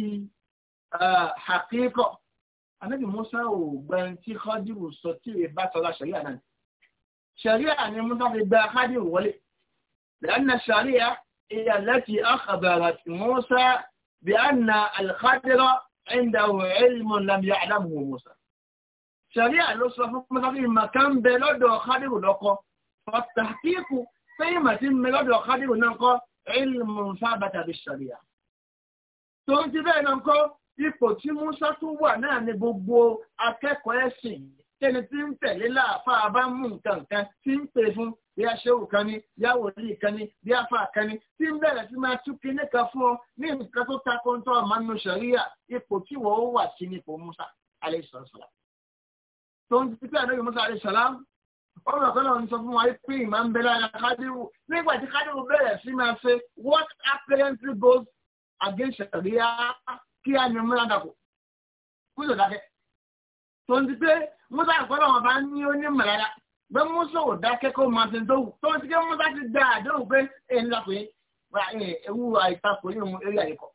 àkíkọ̀ anabi musa ò gbẹ tí khadiru sọ tí bá sọlá ṣàríyà náà ṣàríyà ni musa fi gba khadiru wọlé lẹ́nà ṣàríyà هي التي أخبرت موسى بأن الخضر عنده mọ̀ لم يعلمه musa. ṣàríà ló sọ fún mọ́sáfí ìmọ̀ká ń bẹ lọ́dọ̀ kádìrù lọ́kọ́ ọ̀tàkíkù sẹ́yìn mà sí ń bẹ lọ́dọ̀ kádìrù náà kọ́ ilmu sábàtà bí ṣàríà. tó ń ti bẹ́ẹ̀ náà kọ́ ipò tí Musa tún wà náà ni gbogbo akẹ́kọ̀ọ́ ẹ̀sìn tẹni tí ń tẹ̀lé láàfáà bá mú nǹkan kan tí ń pè fún bí a ṣe òkan ni bí a ní bí a fa àkan tí ń bẹ̀rẹ̀ sí máa tú kí nìkan fún ọ ní nǹkan tó ta kóńtọ́ ọ̀mánu ipò tí wọ́n wà sí nípò Musa alayhi salam tó ń ti pé ànábì Musa alayhi salam ọmọ ọ̀kọ́lọ́ ń sọ fún wa pé ìmá ń bẹ̀rẹ̀ ara kádìrú nígbà tí kádìrú bẹ̀rẹ̀ sí máa ṣe what apparently goes against sharia kí á ní múra dàpọ̀ kú ló dákẹ́. tó ń ti pé Musa ọ̀kọ́lọ́ wọn bá ní ó ní mọ̀lára pé Musa ò dákẹ́ kó máa ṣe tó wù tó ń ti pé Musa ti gba àdéhùn pé ẹ̀ ń dàpọ̀ yìí ewu àìtakò yìí mú eré àyíkọ́.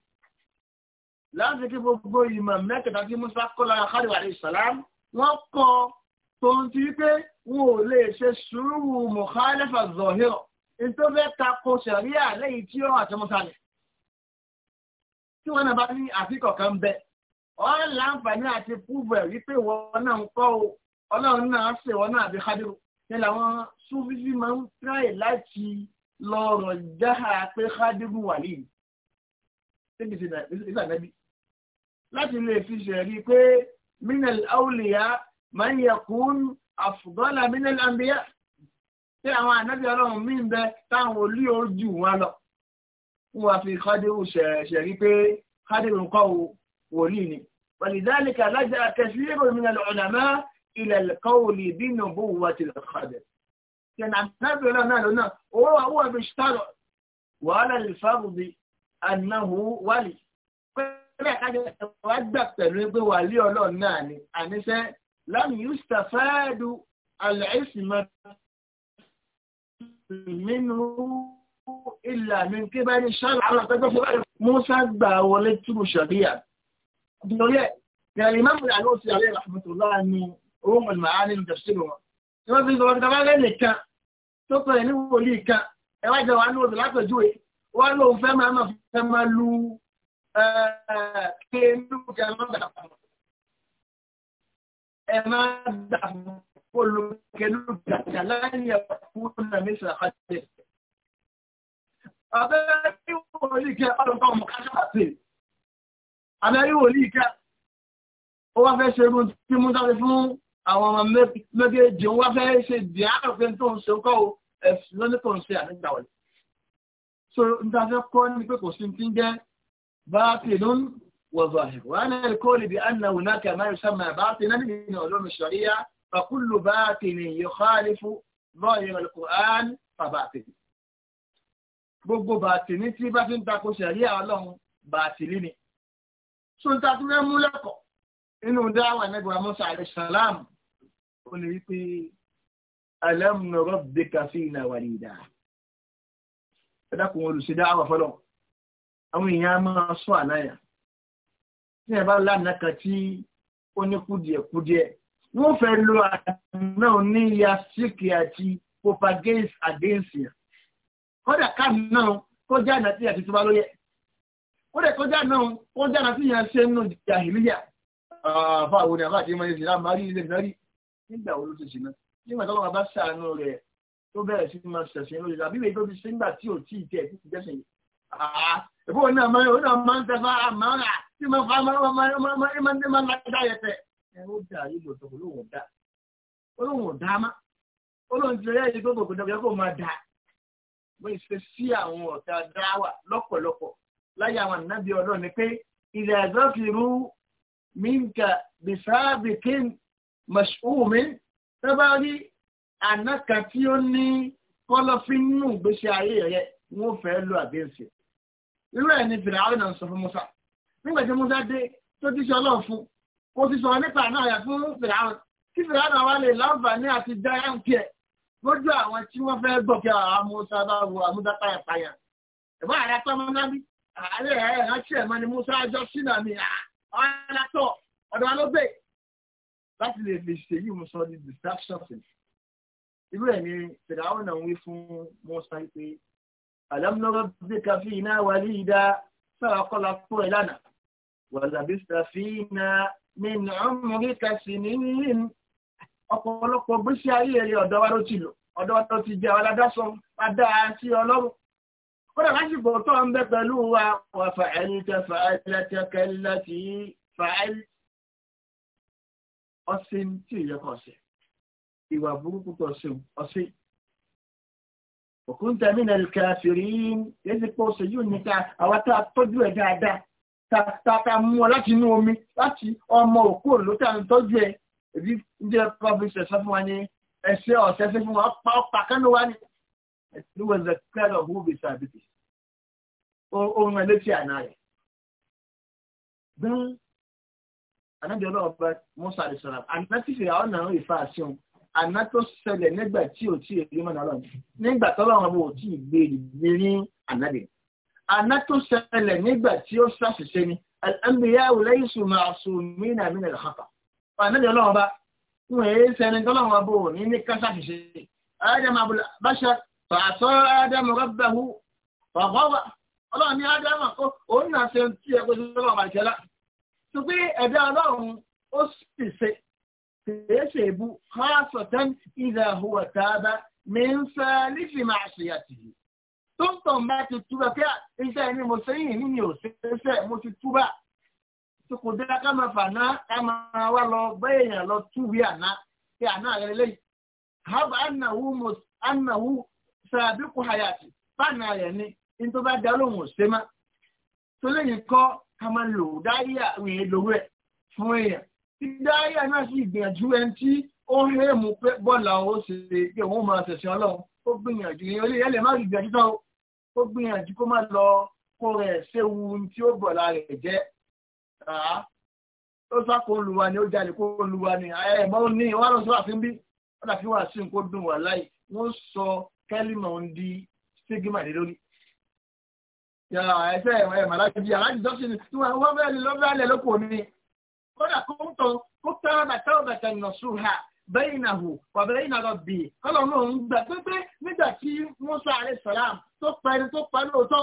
láti kí gbogbo ìmọ̀ mẹ́tẹ̀ẹ̀ta tí Musa kọ́ lára kádìrú àdé wọ́n kọ́ tòun ti pé wọn ò lè ṣe sùúrù mọ̀kálẹ́fà zọ̀hírọ̀ nítorí fẹ́ tako sẹ̀ríà lẹ́yìn tí ó àtẹmọ́sálẹ̀ tí wọ́n náà bá ní àfikọ̀ kan bẹ́ẹ̀ wọ́n láǹfààní àti púpọ̀ ẹ̀rí pé wọ́n náà ń kọ́ o ọlọ́run náà ṣe wọ́n náà bí kádìrú ní làwọn súnfífí máa ń tíráyè láti lọ́ọ̀rọ̀ jáhà pé kádìrú wà lẹ́yìn síbi ìsànẹ́bí láti lè fi ṣẹ̀rí pé من الأولياء من يكون أفضل من الأنبياء tí àwọn ànábì من ده ń bẹ táwọn olú yóò jù wọn lọ wọn wá fi ولذلك لجأ كثير من العلماء إلى القول بنبوة الخضر كان النبي لنا لنا هو هو بيشترع وعلى الفرض أنه ولي sílẹ̀ kájọ wá gbà pẹ̀lú pé wàlí ọlọ́run náà ni àníṣe lámì yústa fẹ́ẹ́dù àlẹ́sìmọ́ nínú ìlà mi kí bá ní ṣáàlà àwọn àtọ́jọ́ fún báyìí. Musa gbà wọlé túbú ṣàbíyà. Nítorí ẹ̀ kẹrì mẹ́mú ni àlọ́ ti àlẹ́ rahmatullah ni owó mọ̀lùmọ̀ á nínú tẹ̀sílù wọn. Wọ́n fi sọ̀rọ̀ nípa bá nìkan tó pẹ̀lú ní kan ẹ̀wájú wa ní odò lápẹ̀júwe kéèlú jẹ má dà fún ẹ má dà fún kólú kéèlú gàdà láyé fún nàmísà àti abẹ́rẹ́ ní wòlí kẹ́ ọlọ́pàá ọmọ káṣáàtì abẹ́rẹ́ wòlí kẹ́ ó wá fẹ́ ṣe irun tí mú sáré fún àwọn ọmọ méjèèjì ó wá fẹ́ ṣe díàrọ̀ pé tó ń ṣe kọ́ o ẹ̀sùn lónìí tó ń ṣe àdégbà wọlé so nígbà fẹ́ kọ́ ni pé kò sí ti ń jẹ́ باطل وظاهر وأنا القول بأن هناك ما يسمى باطنا من علوم الشريعة فكل باطن يخالف ظاهر القرآن فباطل. gbogbo bàtìní tí bá fi ń takò ṣẹ̀ríà ọlọ́run bàtìní ni. sóńtà tó fẹ́ mú lẹ́kọ̀ọ́ nínú dáwà nẹ́gbàá musa alayhisalaam ó lè pe alam nurabbika fina walida. ẹ dákun olùsèdáwà fọlọ́run àwọn èèyàn máa sọ àláyà tí ẹ bá lánàá kan tí ó ní kúdìẹ̀kúdìẹ̀ wọ́n fẹ́ lo àná ní ya síkì àti propagate against yẹn kódà káàdì náà kó jẹ́ àná tí àti tó bá lóye kódà kó jẹ́ àná kó jẹ́ àná tí yẹn ṣe nù jàhìlíyà àfa àwọn ni àfa àti ìmọ̀ ìṣẹ̀lá màrí ilé ìnárí nígbà wo ló ti ṣìnà nígbà tó lọ́wọ́ bá ṣàánú rẹ̀ tó bẹ̀rẹ̀ sí máa ṣẹ̀ṣẹ̀ lórí àbí ìwé tó ti ṣe nígbà tí ò tí ì tẹ̀ tó ìbú wọn náà máa ń máa ń tẹ̀fà àmàrà tí máa fa máa ń máa ń lágbá yẹtẹ̀. ẹ ó dà yìí lò tó olóhùn ọ̀dà olóhùn ọ̀dà má olóhùn ti rẹ́ yìí tó bòkò dàbí ẹ̀kọ́ máa dà wọ́n ṣe sí àwọn ọ̀tá dáwà lọ́pọ̀lọpọ̀ láyé àwọn ànábì ọ̀dọ́ ni pé ilẹ̀ àzọ́fìrú mínkà bìsáàbìkín mọ̀ṣúùmí tẹ́bá rí àná kan tí ó ní kọ́lọ́fínú gbèsè ayé rẹ̀ wọ́n fẹ́ lo àgbẹ̀nsẹ̀ irú ẹ̀ ni fìrà àwọn ènìyàn sọ fún musa nígbà tí musa dé tó ti sọ ọlọ́run fún kò ti sọ nípa náà yà fún fìrà àwọn tí fìrà àwọn wa lè láǹfààní àti dá yàǹkì ẹ̀ lójú àwọn tí wọ́n fẹ́ gbọ́ kí àwọn musa bá wo àmúdá táyà táyà ẹ̀fọ́ àrẹ tọ́mọ náà bí àrẹ ẹ̀ rántí ẹ̀ mọ́ ni musa jọ sínà mi ọ̀làtọ̀ ọ̀dọ̀ wa ló gbé láti lè fi ṣèyí mo sọ ní distraction irú ẹ̀ ni fìrà àwọn náà wí fún musa pé alam nurabbika fina walida sára kọ́lá fún ẹ lánàá wàlàbísà fina min umrika sinin ọ̀pọ̀lọpọ̀ gbèsè ayé rẹ̀ ọ̀dọ́ wa ló ti lò ọ̀dọ́ wa ló ti jẹ́ aládásọ padà sí ọlọ́run kódà lásìkò tó ń bẹ pẹ̀lú wa wà fa'alta fa'lataka allati fa'al ọ̀sìn tí ìyẹ́kọ̀ ọ̀sẹ̀ ìwà burúkú tó ọ̀sìn ọ̀sìn òkúńtà mínà kàfìrín èsì pọ̀ ṣe yóò ní ká àwọn tá a tọ́jú ẹ̀ dáadáa tá a mú ọ láti inú omi láti ọmọ òkú òló tá a ń tọ́jú ẹ̀ èbí ndí ẹ pàbí ṣẹṣẹ fún wa ní ẹṣẹ ọṣẹ ṣe fún wa ọpa ọpa kánú wa ní ẹtí wọn ṣe kẹrọ ọhún òbí sàbìtì ohun ẹ létí àná rẹ gbọ́n anábìọ́lọ́ ọba musa àdìsọ́nà àti náà ti fi àwọn náà ń rìn àná tó ṣẹlẹ̀ nígbà tí ò tí èyí mọ̀nà lọ́nà nígbà tọ́lọ́run ọmọ ò tí ì gbé ìgbé ní ànábì àná tó ṣẹlẹ̀ nígbà tí ó ṣàṣìṣe ni al-anbiya laysu ma'sumina min al-khata ànábì ọlọ́run bá ń wèé sẹni tọ́lọ́run ọmọ ò ní ní ká ṣàṣìṣe adam abul bashar fàṣọ adam rabbahu fàkọ́bà ọlọ́run ní adam òun náà ṣe ń tí kìí ṣe èbú khasatan idha huwa taba min salifi ma'siyatihi tó ń tàn bá ti túbà kí iṣẹ́ ẹni mo ṣe yìí nínú òṣèṣẹ́ mo ti túbà tó kò dé ká máa fà ná ká máa wá lọ gbé èèyàn lọ túwì àná kí àná rẹ lẹ́yìn haba annahu annahu sabiqu hayati fáànà rẹ ni ní tó bá dá lóhùn òṣèmá tó lẹ́yìn kọ́ ká máa lò dáyà òye lówó ẹ̀ fún èèyàn ìdáyà náà sì gbìyànjú ẹni tí ó ń rè mú pé bọ́ọ̀lù àwọn òṣèré pé òun máa tẹ̀sán ọlọ́run ó gbìyànjú ìyẹn olè ẹlẹ́ má sì gbìyànjú tán o ó gbìyànjú kó má lọ kó rẹ̀ séwu tí ó bọ̀ lára rẹ̀ jẹ́ ó sá kó luwa ni ó jalè kó luwa ni ẹ mọ́ ní wọ́n á lọ sọ́wọ́ àfin bí wọ́n dà wà sí nǹkó dùn wà láì wọ́n sọ kẹ́límọ̀ ń di sígímà dé lórí yàrá ẹsẹ̀ ẹ̀ màlájí alájí jọ́sìn ni wọ́n fẹ́ẹ́ lọ́bẹ̀ alẹ́ lóko ni kódà kó ń tọ kó tẹ́rọ bàtà bàtà nọ̀ṣù bẹ́ẹ̀ náà hù wà bẹ́ẹ̀ náà lọ bì kọ́lọ̀ náà ń gbà pépé nígbà tí Musa alayhi salam tó pẹ́ni tó pẹ́ lóòótọ́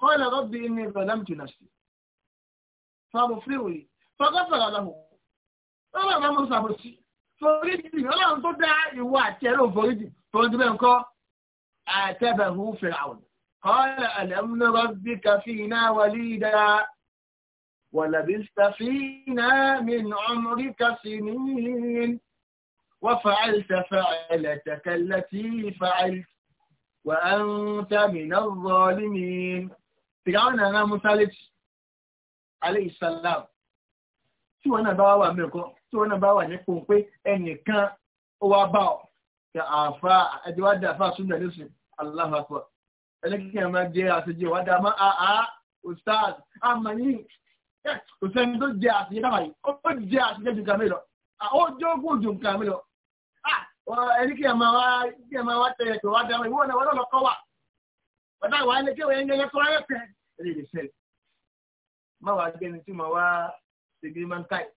kọ́lá rọ́bì ní ìrọ̀lẹ́m jù náà sí. Fọ́ọ̀mù fíwì fọ́gọ́fọ̀rọ̀ lọ́hùn. Lọ́wọ́ àwọn ọmọ sàbòsí foríjì ọlọ́run tó dá ìwọ àti ẹ̀rọ foríjì foríjì bẹ́ẹ̀ ńkọ́ àtẹ̀bẹ̀hù Fir'aun. Kọ́lá àlẹ́mú rọ́bì ولبست فينا من عمرك سنين وفعلت فعلتك التي فعلت وأنت من الظالمين فرعون أنا مثالج عليه السلام tí wọn náà bá wà mẹ́kọ́ tí wọn náà bá wà nípò pé ẹnìkan ó wá bá ọ kí àáfà ẹdíwádìí àáfà súnmọ́ ẹlẹ́sìn aláfàfọ́ ẹlẹ́kìkì ẹ̀ máa jẹ́ àṣejì ìwádìí àmọ́ àá ustaz àmọ́ Eh, kò sẹ́ni tó jẹ àṣìṣe dábàá yìí ó jẹ àṣìṣe ju nǹkan mi lọ ó jókòó ju nǹkan mi lọ ẹni kí ẹ máa wá kí ẹ máa wá tẹ ẹ̀tọ́ wá dáhùn ìwọ náà wọn lọ kọ́ wà bàtà ìwà ẹni kí ẹ yẹn kọ́ ayé tẹ ẹ lè ṣe má wàá gbé ẹni tí mo wá ṣègbè máa ń ká yìí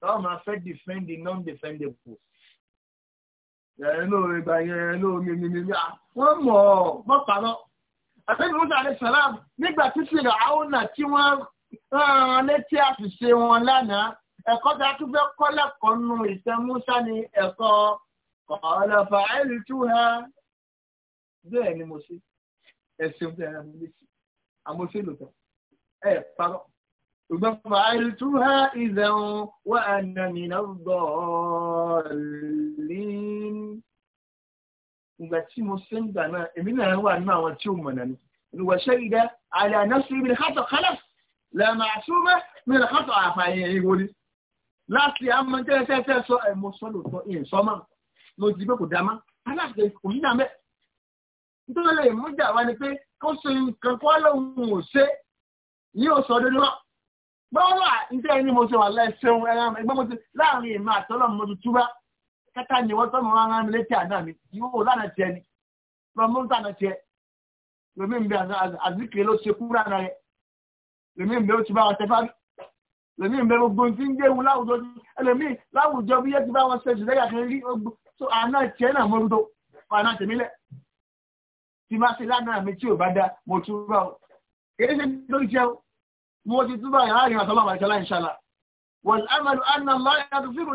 tọ́wọ́ máa fẹ́ defend the non-defendable ẹ̀ẹ́nú ìgbà yẹn ẹ̀ẹ́nú mímímí wọ́n mọ̀ ọ́ mọ̀ pàrọ̀ àtẹ́gbẹ̀rún sàrẹ́ sàrám nígbà tí fìlà àwọn náà tí wọ́n rán létí àṣìṣe wọn lánàá ẹ̀kọ́ tá a tún fẹ́ kọ́ lẹ́kọ̀ọ́ nù ìtàn Musa ni ẹ̀kọ́ ọ̀lọ́fà ẹ̀rì tú ha bẹ́ẹ̀ ni mo ṣe ẹ̀sìn fún ẹ̀rọ mi létí àmọ́ṣe lòtọ́ ẹ̀ parọ́ ṣùgbọ́n fàáìlì ha ìzẹ̀hún wà ànàmìnà gbọ̀ọ́lì ìgbà tí mo ṣe ń gbà náà èmi náà wà nínú àwọn tí ó mọ̀nà ni ìwọ̀ṣẹ́ ìdá àlẹ́ àná sí ibi ní kátó kálásì lẹ́mà ṣúgbẹ́ mi rẹ̀ kọ́tọ̀ àfàyàn ìwò ni láti àmọ́ jẹ́ tẹ́tẹ́ sọ ẹ̀mọ́ sọ́lọ̀ tọ́ ìyẹn sọ́mọ́ ló ti gbé kò dá mọ́ aláṣẹ òyìn náà mẹ́ nítorí lè mú jà wá ni pé kó so nǹkan kó lóun ò ṣe ní òsọ dédé wá gbọ́n wà iṣẹ́ ẹni mo ṣe wà lẹ́sẹ̀un ẹran ẹgbẹ́ mo ti láàrin èmi àtọ́lọ́ mo ti túbá kátà ni wọ́n tọ́mọ ara mi létí àná mi yóò lánàá tiẹ̀ ni lọ́mọ́ tànà tiẹ̀ lómi ń bẹ àzíkè ló ṣe kúrò àná yẹn lèmi ìbẹ́ ó ti bá wọn ṣe fábí lèmi ìbẹ́ gbogbo tí ń gbéwu láwùjọ ti ẹlẹ́mi láwùjọ bí yẹ ti bá wọn ṣe jù lẹ́yà kan rí gbogbo tó àná tiẹ̀ náà mo rúdo àná tèmi lẹ̀ tí má ṣe lánàá mi tí ò bá dá mo tún bá o èyí ṣe lórí jẹ́ o mo ti tún bá yàrá ìrìn àtọ́lọ́ àbàjẹ́ láì ṣàlà wọ́n àmàlù àná láyà tó fírù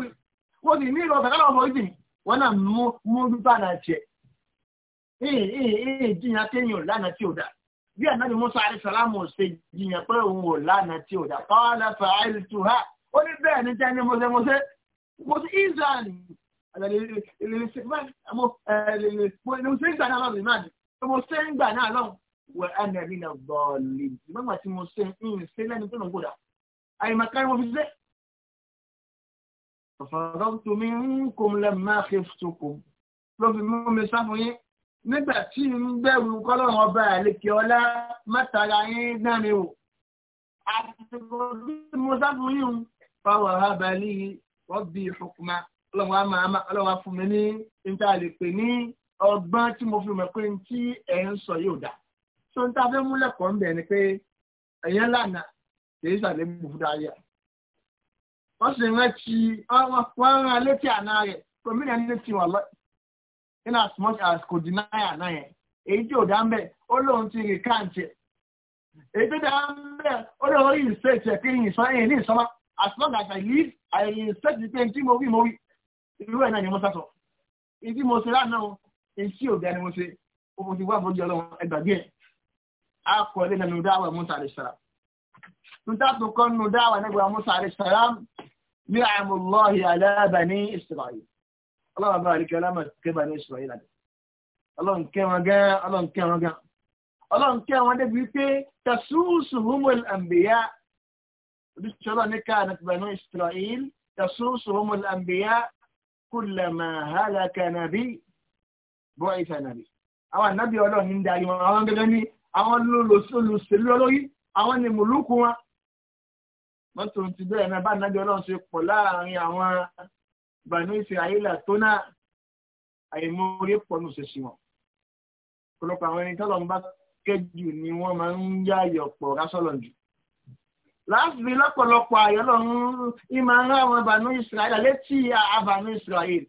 wọn náà mú mú bá náà tiẹ̀ ìhìn ìhìn ìhìn jìyàn kéèyàn lánàá tí ò dáa bí ànábì Musa alayisalaam ṣe jiyàn pé òun ò lánàá tí ò dá kọ́lá fàáìlì tù ha ó ní bẹ́ẹ̀ ní tẹ́ni mọ́sẹ́mọ́sẹ́ mo ti ìzàn mo ṣe ń gbà náà lọ́rùn náà mo ṣe ń gbà náà lọ́rùn wẹ ẹnẹ̀bí náà bọ́ọ̀lì ìgbàgbà tí mo ṣe ń ṣe lẹ́nu tó lọ́n gbòdà àyìnbá kárí mo fi ṣe. ọ̀fọ̀rọ̀ tó mi ń kó lẹ́mọ́ àfẹ́fẹ́ tó kó ló fi mú mi sáfún yín nígbà tí ń bẹ̀rù kọ́lọ́run ọba àlekè ọlá mẹ́tara yín dánrin o àtìkò bí mo sáfún yín fáwọn abalí wọ́n bí ìfọkùnmá ọlọ́run á máa ọlọ́run á fún mi ní níta lè pè ní ọgbọ́n tí mo fi mọ̀ pé tí ẹ̀ ń sọ yóò dà so níta fẹ́ mú lẹ́kọ̀ọ́ ń bẹ̀ ni pé ẹ̀yẹn lànà kìí sàlẹ̀ mú fún dáyà wọ́n sì rántí wọ́n rán létí in as much as kò deny àná yẹn èyí tí ò dá mbẹ ó lóun ti rìn káàntì èyí tó dá mbẹ ó lóun rí ìṣèṣì ẹ̀ kí yìnyín sọ ẹ̀yìn ní ìsọmọ as long as I live I ìṣèṣì pé tí mo rí mo rí irú ẹ̀ náà ni mo sàtọ̀ èyí tí mo ṣe lánàá èyí tí ò dá ni mo ṣe òfò ti wá àbójú ọlọ́run ẹgbàgbé ẹ̀ á kọ́ ilé nínú dáwà Musa àlè sàrà níta tó kọ́ nínú dáwà nígbà Musa àlè sàrà ní àmúlọ́ọ̀hì ala bani Israil ọlọ́run bá àríkẹ́ ọlọ́mọ kẹ́ bá ní oṣù ọ̀yẹ́ làdẹ̀ ọlọ́run kẹ́ wọn gán ọlọ́run kẹ́ wọn gán ọlọ́run kẹ́ wọn débi wípé tasuusu humul anbiya ojúṣe ọlọ́run ní káàdì bá ní oṣù ọ̀yẹ́ tasuusu humul anbiya kullama halaka nabi bọ́ ìfẹ́ nàbí àwọn ànábì ọlọ́run ní darí wọn àwọn gẹ́gẹ́ ní àwọn olùsèlú olórí àwọn ni mùlùkù wọn mọ́tò ti bẹ́ẹ̀ náà bá ànábì ọlọ́run ṣe pọ̀ láàrin àwọn bàánú ìsirayílà tó náà àìmọye pọnù ṣèṣì wọn ọ̀pọ̀lọpọ̀ àwọn ẹni tọ́lọ̀ ń bá kẹ́jù ni wọ́n máa ń yá ayọ̀pọ̀ rásọ̀lọ̀ jù láàfin lọ́pọ̀lọpọ̀ àyọ̀lọ̀ ń máa ń rán àwọn bàánú ìsirayílà létí àbàánú ìsirayílà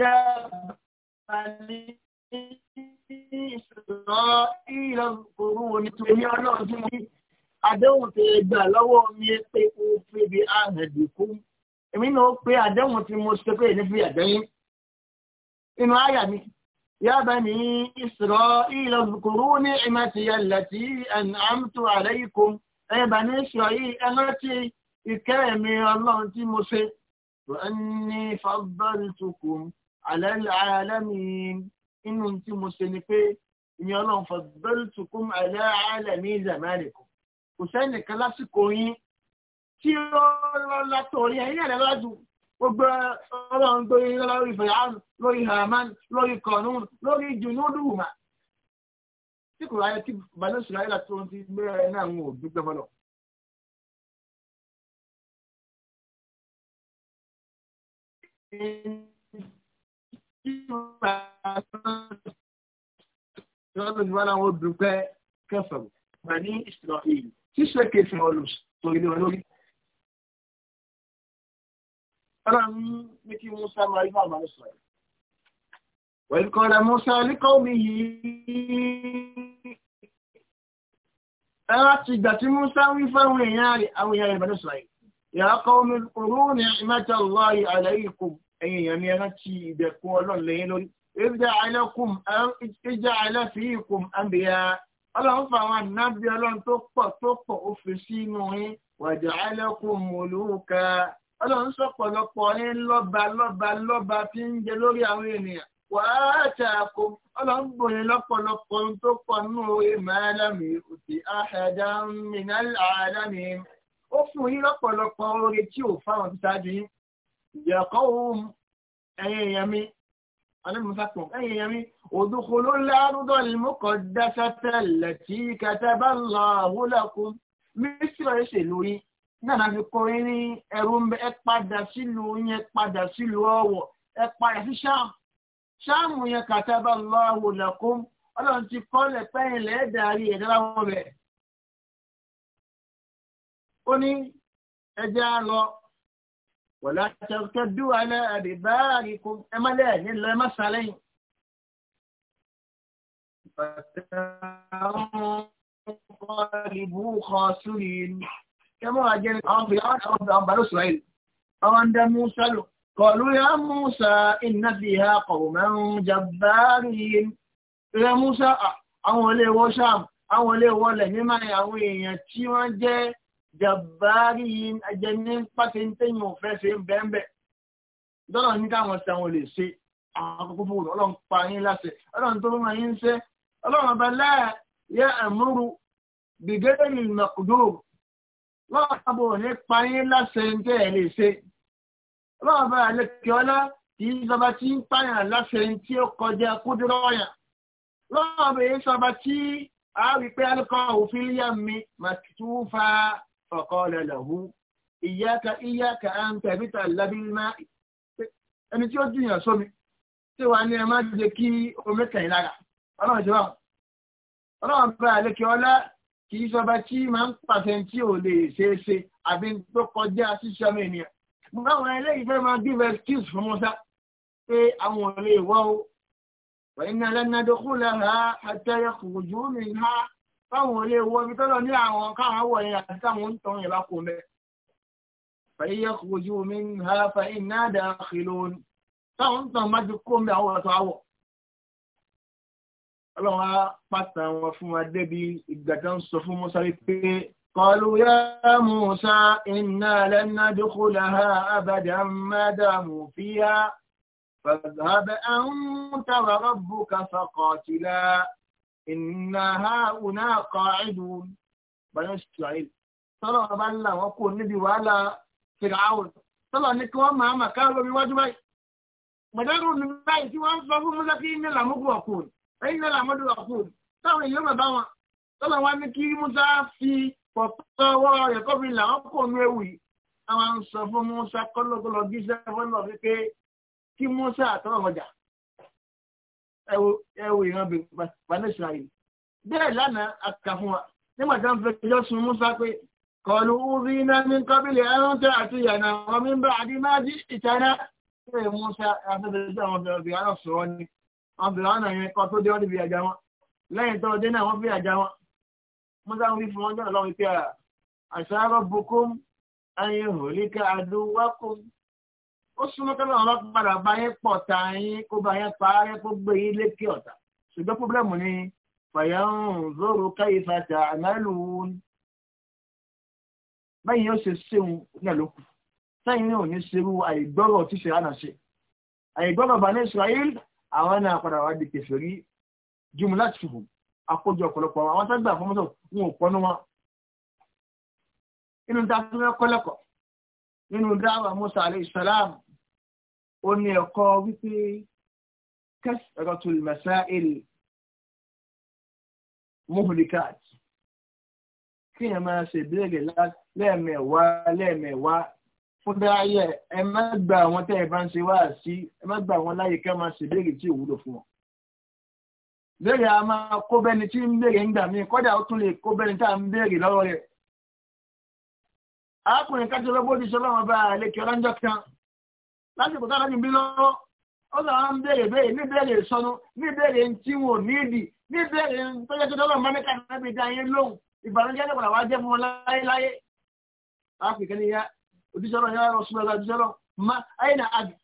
يا بني إسرائيل اذكروا نعمتي àdéhùn tẹ gbà lọ́wọ́ mi pé kó fi bí àhẹ̀dì kú èmi náà pé àdéhùn tí mo ṣe pé ní fi àdéhùn inú àyà mi ya bani Isra'il zukuru ní ìmọ̀tìyà lati an'amtu alaykum ẹ bani Isra'il ẹ rántí ìkẹ́ mi ọlọ́run tí mo ṣe wa anni faddaltukum ala alamin inú tí mo ṣe ni pé ìyẹn ọlọ́run faddaltukum ala alamin zamanikum kò sẹ́nìkan lásìkò yín tí ó lọ́la torí ẹ̀yin náà lọ́la jù gbogbo ọlọ́run tó yín lórí fẹ̀yàn lórí haman lórí kọ̀nún lórí jùnúdùmá tí kò ráyè tí bàánú sùláyé láti ohun ti gbé ẹ náà ń wò dúpẹ́ fọlọ́. Ìjọba ìjọba náà wọ́n dúpẹ́ kẹfẹ́ ní ìṣúná ìlú. ṣíṣe kèfì ọ̀lù tó ilé wọn lórí. ọlọ́run ní kí musa máa yí fáwọn àmàlẹ́ sọ̀rọ̀. وإذ قال موسى لقومه láti ìgbà tí Musa wí fáwọn èèyàn rẹ̀ àwọn èèyàn ìbẹ̀rẹ̀ sọ̀rọ̀ ya qaumi udkuru ni'mata Allahi alaykum ẹ̀yin èèyàn ní ẹran ti ìbẹ̀kún ọlọ́run lẹ́yìn lórí ja'ala fiikum anbiya ọlọ́run fún àwọn ànábì ọlọ́run tó pọ̀ tó pọ̀ ó fi sínú yín wàjà ẹlẹ́kùn mòlúùkà ọlọ́run sọ̀pọ̀lọpọ̀ yín lọ́ba lọ́ba lọ́ba tí ń jẹ lórí àwọn ènìyàn wàá ṣàkó ọlọ́run bòyìn lọ́pọ̀lọpọ̀ ohun tó pọ̀ nù orí òtí àhàdà mìíràn àdáni ó fún yín lọ́pọ̀lọpọ̀ oore tí ò fáwọn ti ṣáájú yín ìyàkọ́ òun ẹ̀yìn èèyàn أنا مسكن أي يمين ادخلوا الأرض المقدسة التي كتب الله لكم مصر يسلوي náà fi kọ́ yín ní ẹ̀rù ń bẹ ẹ padà sílùú yẹn padà sílùú ọ̀wọ̀ ẹ padà sí ṣáàmù ṣáàmù yẹn kataba Allahu lakum ọlọ́run ti kọ́lẹ̀ pẹ́yìn lẹ́ẹ̀dàrí ẹ̀dá láwọn bẹ̀. ó ní ẹja lọ wọ̀lá tẹ̀tẹ̀dú alẹ́ àdìbáàrí kò ẹmọ́lẹ̀ nílò ẹmọ́ sàlẹ́yìn. Kẹ́mọ́ àjẹni àwọn bìyàn àwọn bàrú Sùwẹ́lì, àwọn ń dẹ Músa lò. Kọ̀lú ya Músa iná fi ha kọ̀wọ̀mọ́ jàbáàrí yìí. Rẹ Músa àwọn olè wọ́ àwọn olè wọ́lẹ̀ ní àwọn èèyàn tí wọ́n jẹ́ jàbárí ẹjẹ ní pàṣẹ ń tẹ̀yìn òfẹ́ ṣe ń bẹ́ẹ̀ dọ́là ní káwọn ṣe àwọn lè ṣe àwọn akókó fún òun ọlọ́run pa yín láṣẹ ọlọ́run tó rán yín ṣẹ́ ọlọ́run ọba láà yẹ àmúrú bìgẹ́rì mọ̀kúdùrù lọ́wọ́ àbò ní pa yín láṣẹ ń tẹ̀ lè ṣe ọlọ́run ọba àlekè ọlá kì í sọba tí ń pààyàn láṣẹ ń tí ó kọjá kúndúrọ́ọ̀yàn lọ́wọ́ ọba èyí sọba tí a rí pé alukọ̀ òfin yá mi màtúfà faqala lahu iyyaka iyyaka an tabtalla bil ma'i ẹni tí ó jìyàn sómi tí wàá ní ẹ má dìde kí omi kẹ̀yìn lára ọlọ́run ti báwọn ọlọ́run bá àlékè ọlá kì í sọba tí máa ń pàṣẹ tí ò lè ṣeé ṣe àbí tó kọjá ṣíṣe ọmọ ènìyàn báwọn eléyìí fẹ́ máa give excuse fún Musa pé àwọn ò lè wọ́ o wọ́n iná lẹ́nàdókòó lẹ́hàá àtẹ́yẹ kòkòjò mi ha. fáwọn ilé wọ ibi tọ́lọ̀ ní àwọn káwọn wọ̀ yẹn àti táwọn ń tọ́ yẹn bá kó mẹ́. fàyíyẹ kò ju omi ń ha fa iná dà kìlọ̀ ní táwọn ń tọ́ má ti kó mẹ́ àwọn ọ̀tọ̀ àwọ̀. ọlọ́run á pàtà wọn fún wa débi ìgbà tó ń sọ fún Musa pé kọlu ya Musa iná lẹ́nà dúkú làhá abàdà mádàmù fíyà fàzàbẹ̀ àwọn tàwọn rọ̀bù kàfà kọ̀ọ̀tìlá. ìnà àhùnà qa'idun bàyọ̀ ṣùgbọ́n sọ́lọ́ ọba ńlá wọn kò níbi wàhálà fìràwùn sọ́lọ́ ní kí wọ́n máa mà ká lórí wájú báyìí mọ̀dẹ́rù ní báyìí tí wọ́n ń sọ fún Musa kí ní làmúgbò ọ̀kùn ẹ̀yìn ní làmúgbò ọ̀kùn táwọn èèyàn bàbá wọn sọ́lọ́ wọn ní kí Musa fi pọ̀pọ̀wọ́ rẹ̀ kó fi kò nú ewu yìí sọ fún Musa kọ́lọ́kọ́lọ́ gíṣẹ́ fọ́nà wípé kí Musa àtọ́wọ́ ọjà ẹwọ ìran bàníṣà yìí bẹ́ẹ̀ lánàá àkà fún wa nígbà tí wọ́n fi ẹjọ́ sun Musa pé kọlu uzi iná ní kọ́bílẹ̀ ẹran tẹ́ àti ìyànà wọn mi ń bá adé máa dí ìtaná ṣe Musa afẹ́fẹ́ àwọn ọ̀bẹ̀rẹ̀ àrọ̀ sọ̀rọ̀ ni wọn bẹ̀rẹ̀ ọ̀nà yẹn kọ́ tó dé wọ́n níbi àjà wọn lẹ́yìn tó dé náà wọ́n fi àjà wọn Musa ń wí fún wọn jọ̀ọ́ lọ́wọ́ pé àṣà rọ̀ bukum ayé hòlíkà adúwákùn ó súnmọ́ kí ọlọ́run ọlọ́run padà bá yín pọ̀ ta yín kó bá yín parẹ́ kó gbé yín lékè ọ̀tá ṣùgbọ́n pọ́blẹ́mù ni fàyàrùn zòrò káyé fàtà àmàlù báyìí yóò ṣe ṣéun náà ló kù sẹ́yìn náà ò ní ṣerú àìgbọ́rọ̀ tí ṣe ránà ṣe àìgbọ́rọ̀ bá ní Israel àwọn náà padà wá di kèfèrí jùmù láti fòfò àkójọ ọ̀pọ̀lọpọ̀ àwọn tó gbà fọmọ́tò wọn ò pọnú wọn inú dáa tó fẹ́ kọ́lẹ́kọ̀ọ́ nínú dáwà Musa alayhi salam ó ní ẹ̀kọ́ wípé kasratul masail muhlikat kí èèyàn máa ṣe ìbéèrè lẹ́ẹ̀mẹ̀wàá lẹ́ẹ̀mẹ̀wàá fún dáyẹ ẹ má gba àwọn tẹ́ ẹ bá ń ṣe wá sí ẹ má gba àwọn láyè ká máa ṣe ìbéèrè tí ò wúlò fún wọn. béèrè a máa kó bẹ́ni tí ń béèrè ń gbà mí kọ́dà ó tún lè kó bẹ́ni tá à ń béèrè lọ́wọ́ rẹ̀. arákùnrin kájọ lọ́gbọ́dì sọ́lá wọn bá àlekè ọlọ́njọ́ kan lásìkò tá a lọ́jọ́ bí lọ́wọ́ ó sọ àwọn béèrè béèrè ní béèrè sọnù ní béèrè tí wọn ò ní ìdì ní béèrè tó yẹ kí tọ́lọ́ mọ́nìkà náà bí dáyé lóhùn ìbànújẹ́ ní padà wá jẹ́ fún wọn láyéláyé. láti kẹ́ni ya òdìsọ́rọ̀ yàrá lọ súnmọ́ òdìsọ́rọ̀ má ayé na àgbẹ̀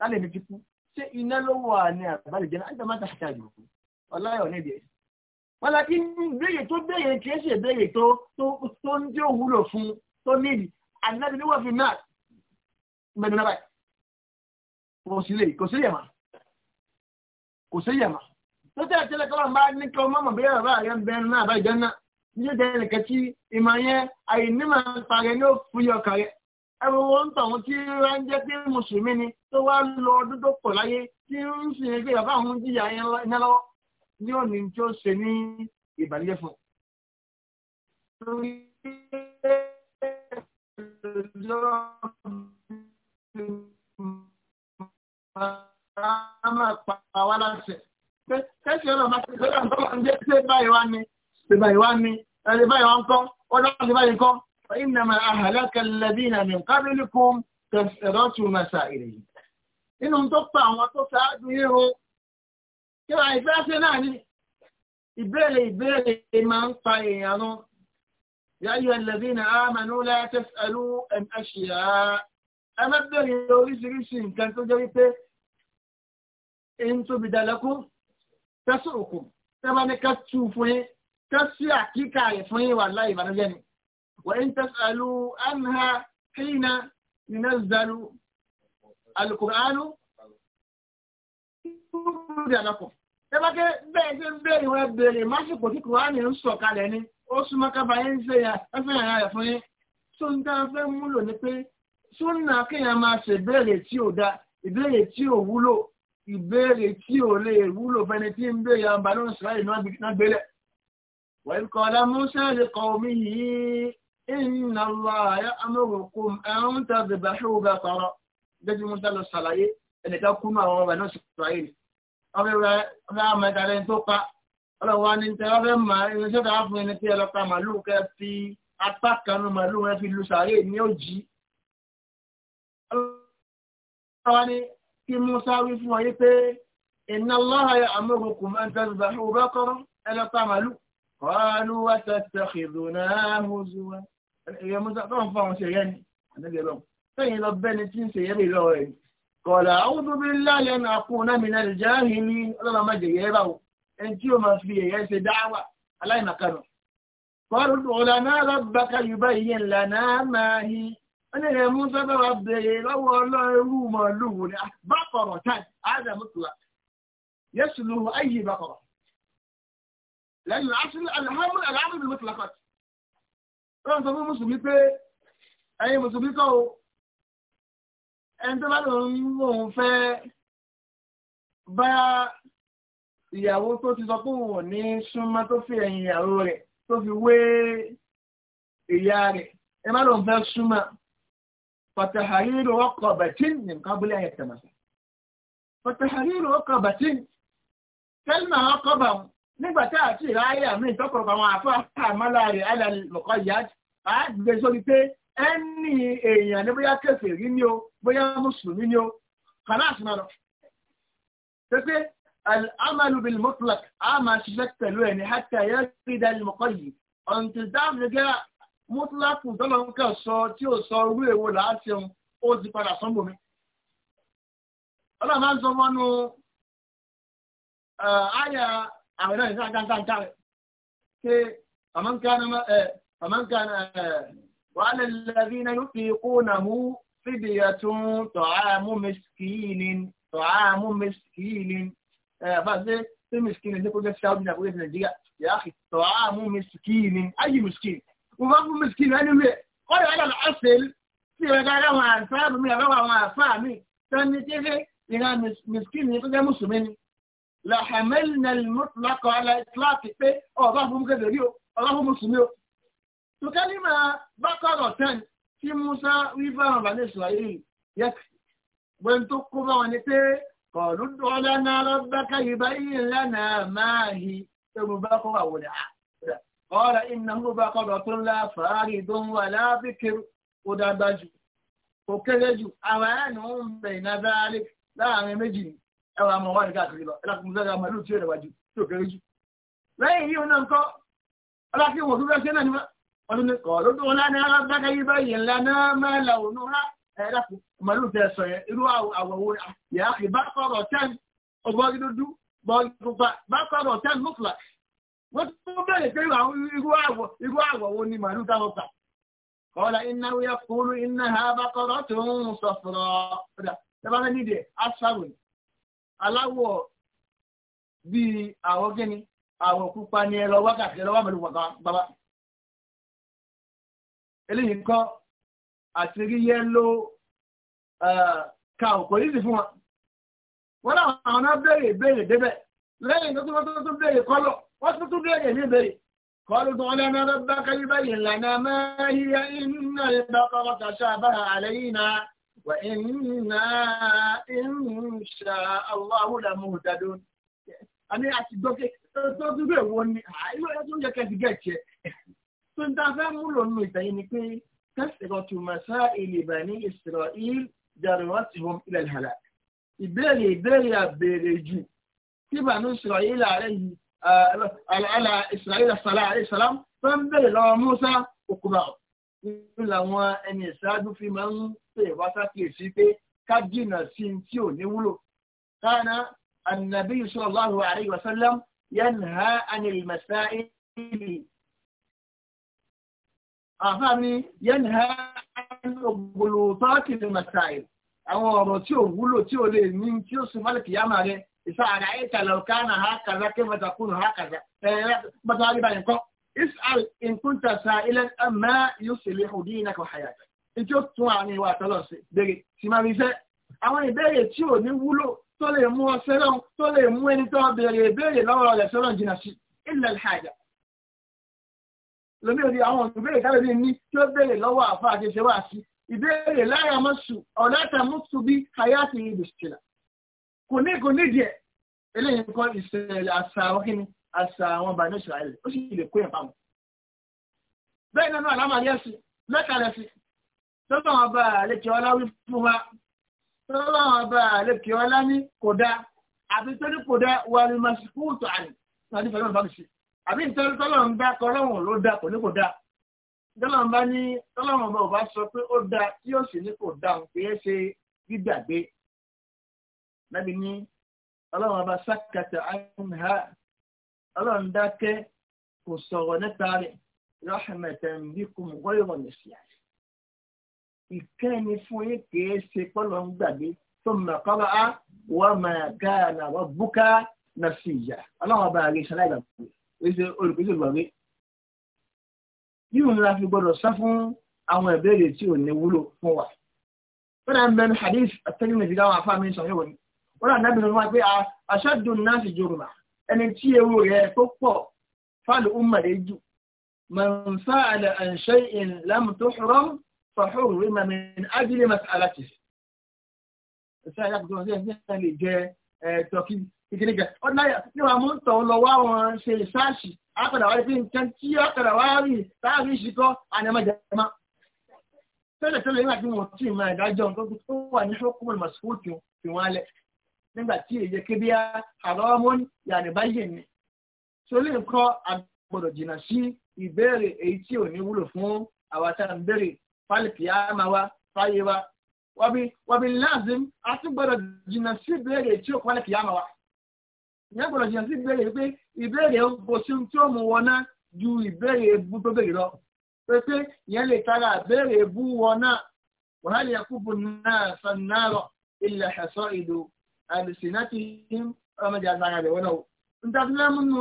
lálẹ́ mi ti kú ṣé iná ló wà ní àbálẹ̀ jẹ́ náà má tàṣà jù ọláyọ̀ ní ìdíyẹ. wọn la kí béèrè tó béèrè kì í ṣe béèrè tó tó ń tí ò wúlò fún tó nídìí àdínàbí ni wọ́n mẹ́nu náà báyìí kò sí lè kò sí lè mà kò sí lè mà tó tẹ́lẹ̀ tẹ́lẹ̀ kọ́lá ń bá ní kí ọmọ mọ̀ bí ẹ̀rọ bá yẹn bẹ́ẹ̀ náà bá ìjẹun náà ní ó jẹ́ nìkan tí ìmọ̀ yẹn àìnímọ̀ parẹ́ ní ó fúyẹ ọkàn rẹ̀ ẹ̀rọ wọn tọ̀hún tí wọ́n jẹ́ pé mùsùlùmí ni tó wá lọ ọdún tó pọ̀ láyé tí ń sìn pé bàbá àwọn jìyà yẹn iná lọ́wọ́ ní òní tí ó ṣe ní ìbàlẹ́ fún un. وإنما أهلك الذين من قبلكم كسرات مسائلهم إنهم تقطع وتقطع ديره كما يفاس نعني إبالي إبالي إمان طيانو يا أيها الذين آمنوا لا تسألوا أن أشياء ẹlẹ́bẹ̀rẹ̀ oríṣiríṣi nǹkan tó jẹ́ wípé èyí tó bìdà lẹ́kún tẹ́sán òkú tẹ́bá ní ká tú fún yín tẹ́sí àkíkà rẹ̀ fún yín wà láì ìbànújẹ́ ni wà ń tẹ́sàlú anha hina nínú zalu alukuranu bìdà lẹ́kún tẹ́bá ké bẹ́ẹ̀ ṣe ń béèrè wọn béèrè másìkò tí kùránì ń sọ̀ kalẹ̀ ni ó súnmọ́ kábàáyé ń ṣe yà ẹ́ súnà kéèyàn máa ṣe ìbéèrè tí ò da ìbéèrè tí ò wúlò ìbéèrè tí ò lè wúlò fẹni tí ń béèrè àwọn bàánú ìsirayì náà gbélé. wàyí kọ́lá musa lè kọ́ omi yìí inna Allaha ya'murukum an tadhbahu baqara gẹ́gẹ́ mú dálọ ṣàlàyé ẹnìkan kú náà ọ̀rọ̀ náà ṣùgbọ́n yìí ọ̀rẹ́ rẹ̀ amẹ́dàrẹ́ tó pa ọlọ́wọ́ ni tẹ ọ̀rẹ́ tó pa màlúù ọlọ́wọ́ ni kí Musa wí fún ọyí pé inna Allaha ya'murukum an tadhbahu baqara ẹlẹ́pà màlú qalu wa tattakhidhuna huzwa ẹ̀yẹ Musa tó ń fọ àwọn ṣe yẹn ni àdébẹ̀ lọ sẹ́yìn lọ bẹ́ni tí ń ṣe mi lọ rẹ̀ qala a'udhu billahi an akuna minal jahilin ọlọ́wọ́ má jẹ yẹ́ báwo ẹni tí máa fi ní ẹ̀ mú sábẹ́ wa bèèrè lọ́wọ́ ọlọ́rú màlúù ní bákọ̀rọ̀ táì ádámù tura yẹ́sù ló ayé bákọ̀rọ̀ lẹ́yìn asúlù alhamdu alhamdu ló tilakọ̀ lọ́wọ́ sọ fún mùsùlùmí pé ẹ̀yin mùsùlùmí kọ́ o ẹni tó bá lò ń lòun fẹ́ bá ìyàwó tó ti sọ pé òun ní súnmọ́ tó fi ẹ̀yìn ìyàwó rẹ̀ tó fi wé ìyá rẹ̀ ẹ má lòun fẹ́ súnmọ́. فتحرير رقبة من قبل أن يتمسح فتحرير رقبة كلمة رقبة نبا تأتي رأي من تقرب ما أفاها ملاري على المقيد قاعد بزولي أني إيا نبا يا كفر ينيو بيا مسلم ينيو خلاص ما العمل بالمطلق أما شجت لوني حتى يجد المقيد أنت دام نجا mútúlákù tọ́lọ̀ ń kàn sọ tí ò sọ orú èwo làásìun ó ti padà sọ́nbò mi. ọlọ́run máa ń sọ mọ́nú àyà àwọn ìlànà ìṣáà káńkáńká rẹ̀ pé àmọ́nkánà wàhálà lẹ́bí náà yóò fi kó nàmú fídíyà tún tọ́hámú mẹ́sìkìínì tọ́hámú mẹ́sìkìínì fàṣẹ sí mẹ́sìkìínì ní kó jẹ́ sí àwọn Nàìjíríà yàá tọ́hámú mẹ́sìkìínì ayé mẹ́sìkìínì mo bá fún mìsíkìnì ẹni wíẹ̀ kọ́dọ̀ ẹ̀dọ̀ ọ̀sẹ̀l tí ìwé ká káwọn àṣàbù mi àbáwọn àwọn àfáà mi tó ní kéfé ìran mìsíkìnì tó jẹ́ mùsùlùmí ni. làhàmẹ́lì nà lọ́kọ̀ ọ̀la ìsìláàtì pé ọ̀bá fún mi kébèrè o ọ̀bá fún mùsùlùmí o. tùkẹ́lì máa bá kọ́rọ̀ tán tí Musa wí fáwọn bàlẹ́ Israẹli yẹ gbẹ̀ǹ tó kó bá wọn ni pé kọ̀ọ̀lù dọ́ọ́lá náà lọ́ قال إنه بقرة لا فارض ولا بكر ودابج وكلج أوان بين ذلك لا مجي أو أموال كاكري لكن مزاج مالو تيرا واجي تو كريجي لا يهيو ننكو لكن وكذا سنة نما قالوا قالوا دعنا ربك يبين لنا ما لونها لكن مالو تيسو إلو أو أو يا أخي بقرة تن وبقرة دو بقرة تن مطلق wọ́n tó bẹ̀rẹ̀ pé irú ni màálù táwọn kà kọ́lá iná wíyá kúrú ha bá kọ́rọ́ tó ń sọ̀fọ̀rọ̀ ọ̀dà tẹ́bá fẹ́ nídìí aṣáwò ni aláwọ̀ bíi ka hospital bẹ́ẹ̀ yẹn níbẹ̀ قالوا لنا ربك يبين لنا ما هي إن البقرة تشابه علينا وإنا إن شاء الله لمهتدون أنا أتدوكي أتدوكي وني أيوة أتدوكي كتجاتي سنتافع مولو نتايني كي كسرة مسائل بني إسرائيل جرتهم إلى الهلاك ìbéèrè ìbéèrè àbèrè jù tí bànú Ísírẹ́lì àlà ìsìláìlà sàlá àlẹ́ ìsàlám tó ń bèrè lọ́wọ́ Musa òkúra nínú làwọn ẹni ìṣáájú fi máa ń pè wá sákèésí pé ká jìnnà sí i tí ò ní wúlò. káàná ànàbí sallallahu alayhi wa sallam yanha anil masaili àfáàní yẹn ha ògbòlò tọ́ọ̀kì ní masáì àwọn ọ̀rọ̀ tí ò wúlò tí ò lè ní tí ó sì mọ́lẹ̀ kìyàmà rẹ̀ ìsọ àrà ẹ̀ta lọ́ọ̀ká náà ha kàzá kí wọ́n takùn ha kàzá ẹ̀rẹ́ bàtà wàlúbà yẹn kọ́ isal nkunta sa ilẹ̀ ẹ̀mẹ́ yóò sì lè hùdí iná kò hayà ìjọ tún àárín ìwà àtọ́lọ̀ sí béèrè sì máa rí sẹ́ àwọn ìbéèrè tí ò ní wúlò tó lè mú ọ sẹ́lọ̀n tó lè mú ẹni tó béèrè ìbéèrè lọ́wọ́ rẹ̀ sẹ́lọ̀n jìnnà sí ilẹ̀ hajj lómi òdi kò ní kò ní díẹ̀ eléyìí nǹkan ìṣẹ̀lẹ̀ àṣà ọ̀hínì àṣà àwọn bàánú ìṣẹ̀lẹ̀ ó sì lè kó yẹn báwọn. bẹ́ẹ̀ nínú àlámàlí ẹ̀sìn mẹ́ta lẹ́sìn tọ́lá àwọn ọba àlekè ọlá wí fún wa tọ́lá àwọn ọba àlekè ọlá ní kò dáa àbí tó ní kò dáa wà ní masifuutu àní tàbí fẹlẹ́ wọn bá mi ṣe àbí nítorí tọ́lá ń bá kọ́ ọlọ́run ló dáa kò ní kò dáa tọ́lá ń bá ní tọ́lá ń bá ò nábì ní ọlọ́run ọba sákàtà àìhà ọlọ́run dákẹ́ kò sọ̀rọ̀ nípa rẹ̀ rahmatan bikum wọ́yọ̀ nìṣíà ìkẹ́ni fún yín kìí ṣe pọ́lọ̀ ń gbàgbé tó mọ̀ kọ́ba á wà máa ga àwọ̀ búkà nà sí ìyá ọlọ́run ọba àrẹ ìṣẹ̀lẹ̀ ìgbàgbé oṣù olùkọ́sọ̀ ìgbàgbé. yíò ní fi gbọdọ̀ sá fún àwọn ìbéèrè tí ò ní wúlò fún wa. fúnra ń bẹnu wọ́n rà nábì lọ́wọ́ pé aṣáájú náà sì jòrùmà ẹni tí ewu rẹ̀ tó pọ̀ fáàlù ummàdé jù man fa'ala an shay'in lam tuhram fa hurrima min ajli mas'alatihi ìṣẹ́ àyàkùtù wọn sí ẹ̀sìn lè jẹ tọ́kì ìkìlígà ọ̀nà ní wàá mú tọ̀ lọ wá wọn ṣe ìṣáàṣì àkàdà wá rí pé tẹ́lẹ̀ tẹ́lẹ̀ nígbà tí wọ́n ti máa dájọ́ nǹkan tó wà ní ṣókùnmọ̀ màsíkò tí wọ́n á lẹ̀ nígbà tí èyí kébí á àrọ́mọ́ yàrá báyìí ni. tó lè kọ́ àgbọ̀dọ̀ jìnnà sí ìbéèrè èyí tí ò ní wúlò fún àwa tá à ń béèrè fálìkì àmà wa fáyé wa wàbí láàzim àti gbọ́dọ̀ jìnnà sí ìbéèrè tí ò fálìkì àmà wa. ìyá gbọ́dọ̀ jìnnà sí ìbéèrè pé ìbéèrè bó ṣe ń tí ó mú ju ìbéèrè ebú tó béèrè lọ pé ìyẹn lè tara ìbéèrè ebú wọn wàhálì yakúbù náà san ilẹ̀ ẹ̀sọ́ ìlú àlùsìnàtìhìm ọmọdé àtàrà rẹ̀ wọ́n náà ntàtúlẹ̀ múnú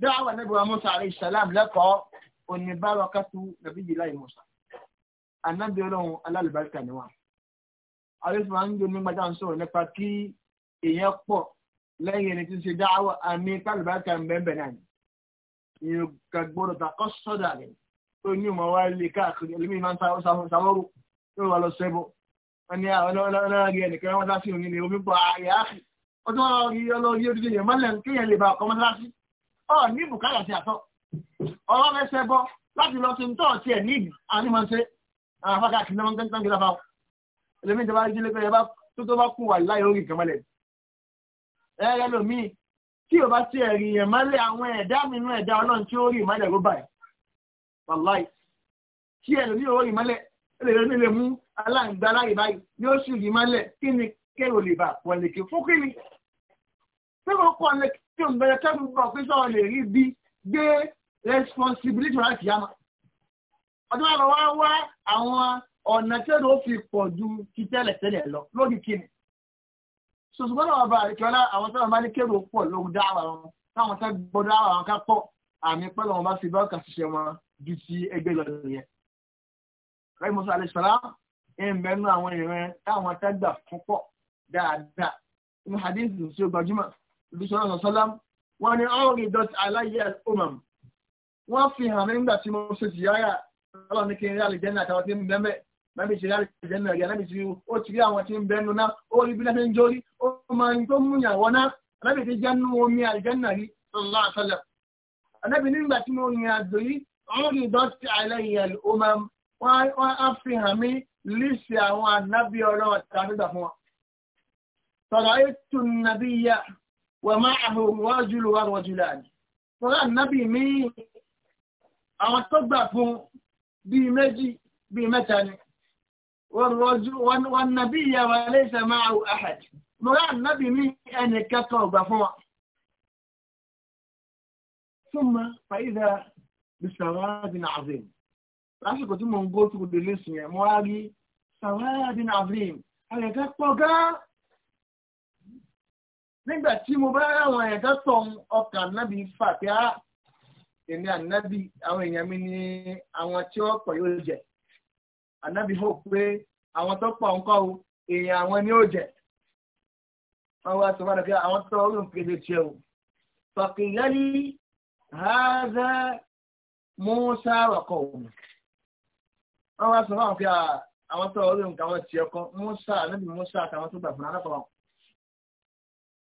dáhàwà níbi wa Musa alayhi salam lẹ́kọ̀ọ́ òní bára kátó nàbí yìí láì Musa ànábì ọlọ́run alálùbáríkà ni wọn. àlùsìnà ń jó nígbà tá à ń sọ̀rọ̀ nípa kí èèyàn pọ̀ lẹ́yìn ẹni tí ń ṣe dáhàwà àmì kálùbáríkà ń bẹ́ẹ̀ bẹ́ẹ̀ náà ìyẹn gbọ́dọ̀ takọ́ sọ́dà rẹ̀ tó ní ìmọ̀ wá lè káàkiri ẹlẹ́mìí máa ń sáwọ́rù wọ́n ní àwọn ọlọ́rí ẹnìkan wọ́n dá sí òní ni omi pọ̀ àyà áfì wọ́n tó rí ọlọ́rí odidi yẹn mọ́lẹ̀ kéèyàn lè ba ọkọ̀ mọ́ lásì ọ̀ ní bùkátà sí àtọ̀ ọ̀rọ̀ rẹ̀ ṣẹ bọ́ láti lọ sí ntọ́ tiẹ̀ ní ànímọ̀ṣe àwọn afáká àti náà ń tán gíga fáwọn ẹlẹ́mí ìjọba ìdílé pé ẹbá tó tó bá kú wà láyé orí kan mọ́lẹ̀ ẹ̀rẹ́ lómi tí ò bá ti ẹ̀rì yẹn mọ́lẹ̀ àwọn ẹ̀dá aláǹgbá láyè báyìí yóò sì yí mọ́lẹ̀ kí ni kéwò lè bà wọlé kí fún kí ni. tí mo kọ́ ọ̀nà kí n bẹ̀rẹ̀ kẹ́mi bọ̀ pé sọ̀rọ̀ lè rí bí gbé responsibility rẹ̀ kì í yàmà. ọdún wa wá wá àwọn ọ̀nà tí ó fi pọ̀ ju ti tẹ́lẹ̀tẹ́lẹ̀ lọ lórí kí ni. sòṣùgbọ́n náà bá àríkẹ́ọ́lá àwọn tí wọ́n ní kéwò pọ̀ lóhun dáhà wọn táwọn tẹ́ gbọ́dọ̀ àwọn ká pọ̀ àmì pẹ́lú wọn bá fi bá ọkà ṣiṣẹ́ wọn ju ti ẹgbẹ́ lọ nìyẹn. rẹ́ musa ìbẹ̀nu àwọn ìran táwọn tẹ́gbà fún pọ̀ dáadáa inú hadith tí ó gbajúmọ̀ olùsọ̀rọ̀ sọ̀sọ́lá wọn ni ọ̀rọ̀ ìdọ̀t aláyé ọmọm wọ́n fi hàn mí nígbà tí mo ṣe tìyára ọlọ́run ní kí n rí àlìjẹ́nà àtàwọn tí ń bẹ́ mẹ́ mẹ́bí ṣe rí àlìjẹ́nà rẹ̀ mẹ́bí ṣe ó ti rí àwọn tí ń bẹ́nu náà ó rí bí lẹ́sẹ̀ ń jórí ó máa ń tó mú ìyàwó náà mẹ́bí ti jẹ́nu omi àlìjẹ́nà rí لسي أوان نبي أولو التعبد أخوان فرأيت النبي ومعه رجل ورجلان فرأى النبي مي أو التبع بمجي بمتن والنبي وليس معه أحد فرأى النبي مي أن يكتر بفوا ثم فإذا بسواد عظيم lásìkò tí mò ń gbó tìkù délé sìn yẹn mo á rí sàwádìí nàvim àyẹ̀kẹ́ pọ̀ gán nígbà tí mo bá ráwọn ẹ̀dá tọ̀hún ọkàn nábì fàtíà ah, èmi ànábì àwọn èèyàn mi ní àwọn tí ó pọ̀ yóò jẹ ànábì hó pé àwọn tó pọ̀ ńkọ́ o èèyàn àwọn ni ó jẹ wọ́n wá sọ fún àwọn tó rí òkèlè tiẹ̀ o fàkìyálì hàzà mùsà wàkọ̀ wọ́n wá sọ fáwọn pé àwọn tó orí nǹkan wọn ti ẹ̀kọ́ Musa níbi Musa àtàwọn tó gbà fún alákọ̀ọ́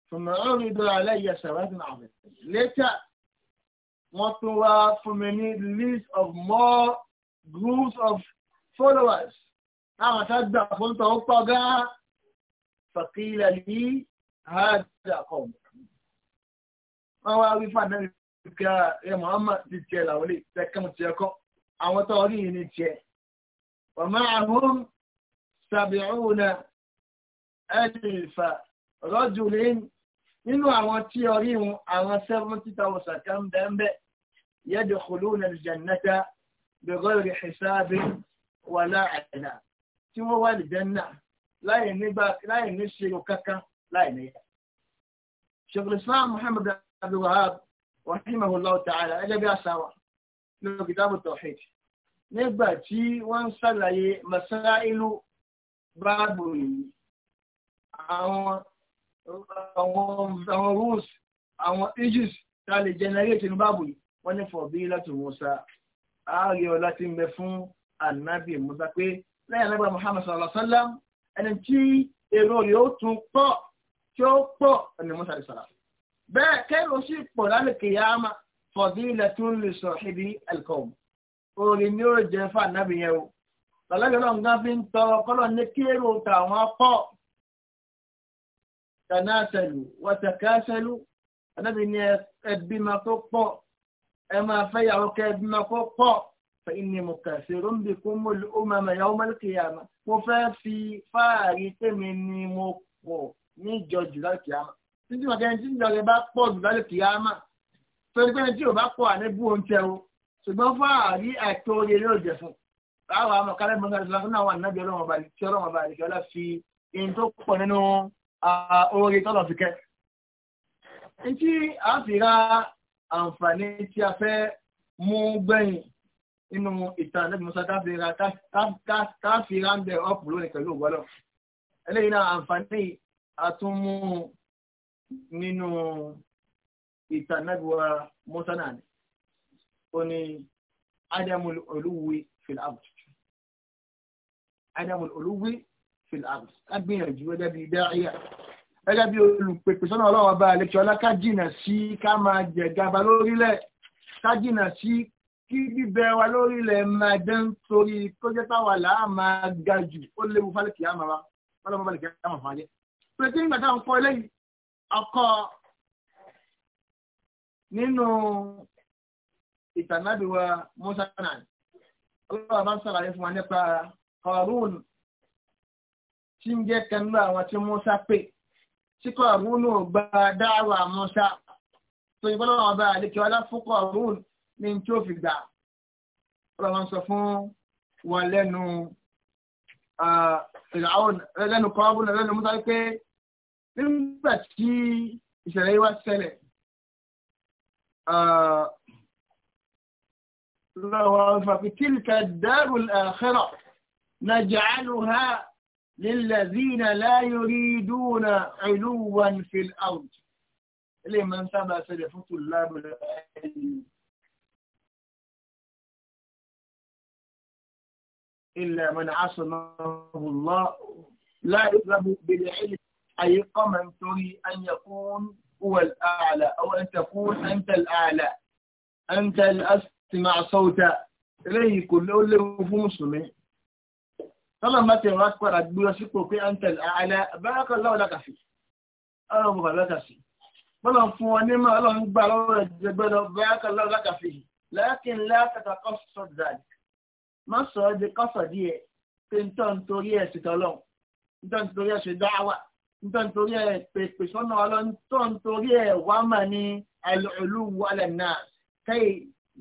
ṣùgbọ́n orí ìdúrà aláìyẹ sẹ̀rẹ́dùn àbẹ̀ later wọ́n tún wá fún mi ní list of more groups of followers àwọn tó gbà fún tó pọ̀ gan-an fàkìlẹ̀ ní àádọ́ àkọ́wọ́ wọ́n wá wí fún àdáyé kí ẹ Muhammad ti tiẹ̀ làwọlé tẹ́kẹ́ mu tiẹ̀ kọ́ àwọn tó orí yìí ní tiẹ̀. ومعهم سبعون ألف رجل nínú àwọn tí orí wọn àwọn seventy thousand kan bẹ́ẹ̀ yadkhuluna al-jannata bighayri hisabin wala adla tí wọ́n wà lìjẹ́nà láì ní ṣeré kankan láì ní ìyá. Shaykhul Islam Muhammad Abdul Wahhab rahimahullahu ta'ala ẹgbẹ́ bí àṣà wa nínú kitabu tawhid nígbà tí wọ́n ń ṣàlàyé masáìlú báàbù yìí àwọn àwọn rules àwọn issues tá a lè generate ní báàbù yìí wọ́n ní fọ̀ bí láti Musa ààrẹ ọ̀la ti ń bẹ fún ànábì Musa pé lẹ́yìn alágbára Muhammad sallallahu alaihi wa sallam ẹni tí èrò rẹ̀ ó tún pọ̀ tí ó pọ̀ ẹni Musa sallallahu alaihi bẹ́ẹ̀ kẹ́rù sí pọ̀ lálẹ́ kìyàmá fọ̀ bí ilẹ̀ tó ń lè sọ ibi alqawm orin ni ó jẹ fànàbì yẹn o lọ́lọ́gbẹ̀ẹ́ náà nǹkan fi ń tọrọ kọ́lọ̀ ní kéèrò tàwọn pọ̀ tanásẹ̀lù wọ́tẹ̀kásẹ̀lù ànábì ni ẹbí ma tó pọ̀ ẹ máa fẹ́ yàwó kẹ́ ẹbí ma tó pọ̀ fẹ́ ìní mo kà sí rúmbì kó mo ó máa yàwó mọ́lìkì yàmà mo fẹ́ fi fáàrí tèmi ni mo pọ̀ ní ìjọ jùlọ kìámà títí màkà ẹni tí ìjọ rẹ bá pọ̀ jùlọ kìámà torí pé ẹni tí ò bá pọ̀ àní oúnjẹ o ṣùgbọ́n fáàrí àti oye ní òjẹ̀ fún àwọn àmọ̀ kálẹ̀ mọ́gá ìṣúná fún àwọn ànábì ọlọ́run ọba àti ọlọ́run ọba àti ọlá fi in tó pọ̀ nínú oore tọ́lọ̀ fi kẹ́. Etí a fi ra àǹfààní tí a fẹ́ mú gbẹ̀yìn nínú ìtàn ànábì Musa káfí ra ń bẹ̀ ọ̀pù lónìí pẹ̀lú ògbọ́lọ̀. Eléyìí náà àǹfààní àtúnmú nínú ìtàn ànábì wa Musa náà ni ó ní ádámù olúwe fìlà àbùtù ádámù olúwe fìlà àbùtù lágbìyànjú ẹgbẹ́ bíi dáríà gẹ́gẹ́ bí olùpèpè sọ́nà ọlọ́run ọba àlejòọlá ká jìnà sí ká máa jẹ̀gàba lórílẹ̀ ká jìnà sí kí bíbẹ wa lórílẹ̀ máa jẹ́ nítorí kó jẹ́ táwa làá máa ga jù ó léwu fálẹ̀kì àmà wa ọlọ́run àmà fún ayé. pèsè nígbà táwọn kọ eléyìí ọkọ nínú ìtànàbíwá Musa náà ọlọ́wà bá ń sàlàyé fún wa nípa Qarun tí ń jẹ́ kanú àwọn tí Musa pè tí Qarun ò gba dáwà Musa tó ìbọn náà bá àlékè ọlá fún Qarun ní tí ó fi gbà ọlọ́wà bá ń sọ fún wa lẹ́nu ìràwọ̀n lẹ́nu kọ́ọ̀bù náà lẹ́nu Musa pé nígbà tí ìṣẹ̀lẹ̀ yìí wá ṣẹlẹ̀. الله الدار الآخرة نجعلها للذين لا يريدون علوا في الأرض لمن سبى سلف طلاب العلم إلا من عصمه الله لا يذهب بالعلم أي قمن تري أن يكون هو الأعلى أو أن تكون أنت الأعلى أنت الأسفل sínú asọ́wọ́tà eléyìí kò ló léwu fún mùsùlùmí tọ́lọ̀ bá tẹ̀ wá padà gbé lọ sípò pé à ń tẹ̀lé àlẹ́ abẹ́rẹ́kọ̀ lọ́wọ́ lákàfì ọlọ́run bọ̀ bàbá kàfì bọ́lọ̀ fún ọ nímọ̀ ọlọ́run gbà lọ́wọ́ rẹ̀ jẹgbẹ́ lọ abẹ́rẹ́kọ̀ lọ́wọ́ lákàfì lẹ́kìn lẹ́kàtà kọ́sọ̀ dàdí má sọ ọ́ di kọ́sọ̀ díẹ̀ pé ntọ́ nítorí ẹ̀ ní alùlù wàlẹ̀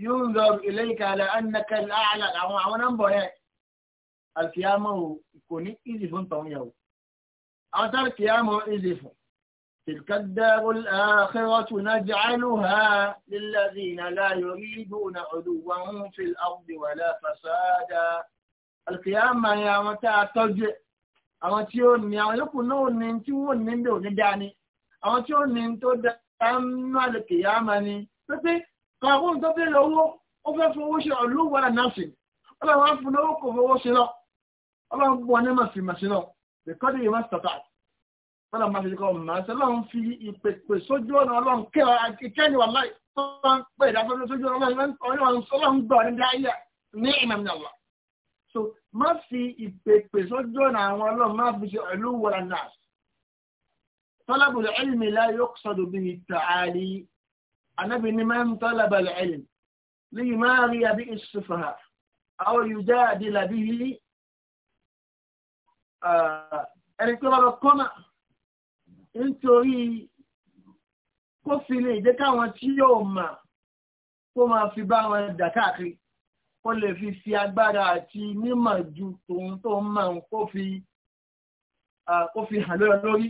yóò ń lọ ilé ìkàlẹ̀ anakẹ́lẹ́ àlà àwọn àwọn náà ń bọ̀ yẹn alkiyama o kò ní ìzì fún tọ̀hún yẹn o àwọn tá alkiyama o ìzì fún تلك الدار الآخرة نجعلها للذين لا يريدون علوا في الأرض ولا فسادا القيامة يا متى تجئ àwọn tí ó ní àwọn yòókù náà ò ní tí wọn ní bí ò ní dání àwọn tí ó ní tó dá ń nú àlèkè yá pépé kàwọn tó bèèrè owó ó fẹ́ fowó ṣe ọ̀lú wàrà nọ́ọ̀sì ọlọ́run á fún lówó kò fowó ṣe lọ ọlọ́run bú ọ ní màsì màsì lọ rẹ̀kọ́dì yìí má sàtà ọlọ́run má fi kọ́ màsì ọlọ́run fi ìpèpè sójú ọ̀nà ọlọ́run kẹ́ni wà láì ọlọ́run pè ìdásọ́jọ́ sójú ọlọ́run so má fi ìpèpè sójú ọ̀nà àwọn ọlọ́run má fi ṣe ọ̀lú wàrà nọ́ọ̀sì tọ́lábùlẹ̀ ẹ̀lìmí láyé ó anábì ní man talaba al-ilm li yumariya bihi as-sufaha aw yujadila bihi ẹni tó bá lọ kọ́nà nítorí kó fi lè jẹ́ káwọn tí yóò mà kó máa fi bá wọn dà káàkiri kó lè fi fi agbára àti mímọ̀ ju tòun tó ń mọ̀ kó fi kó fi hàn lórí lórí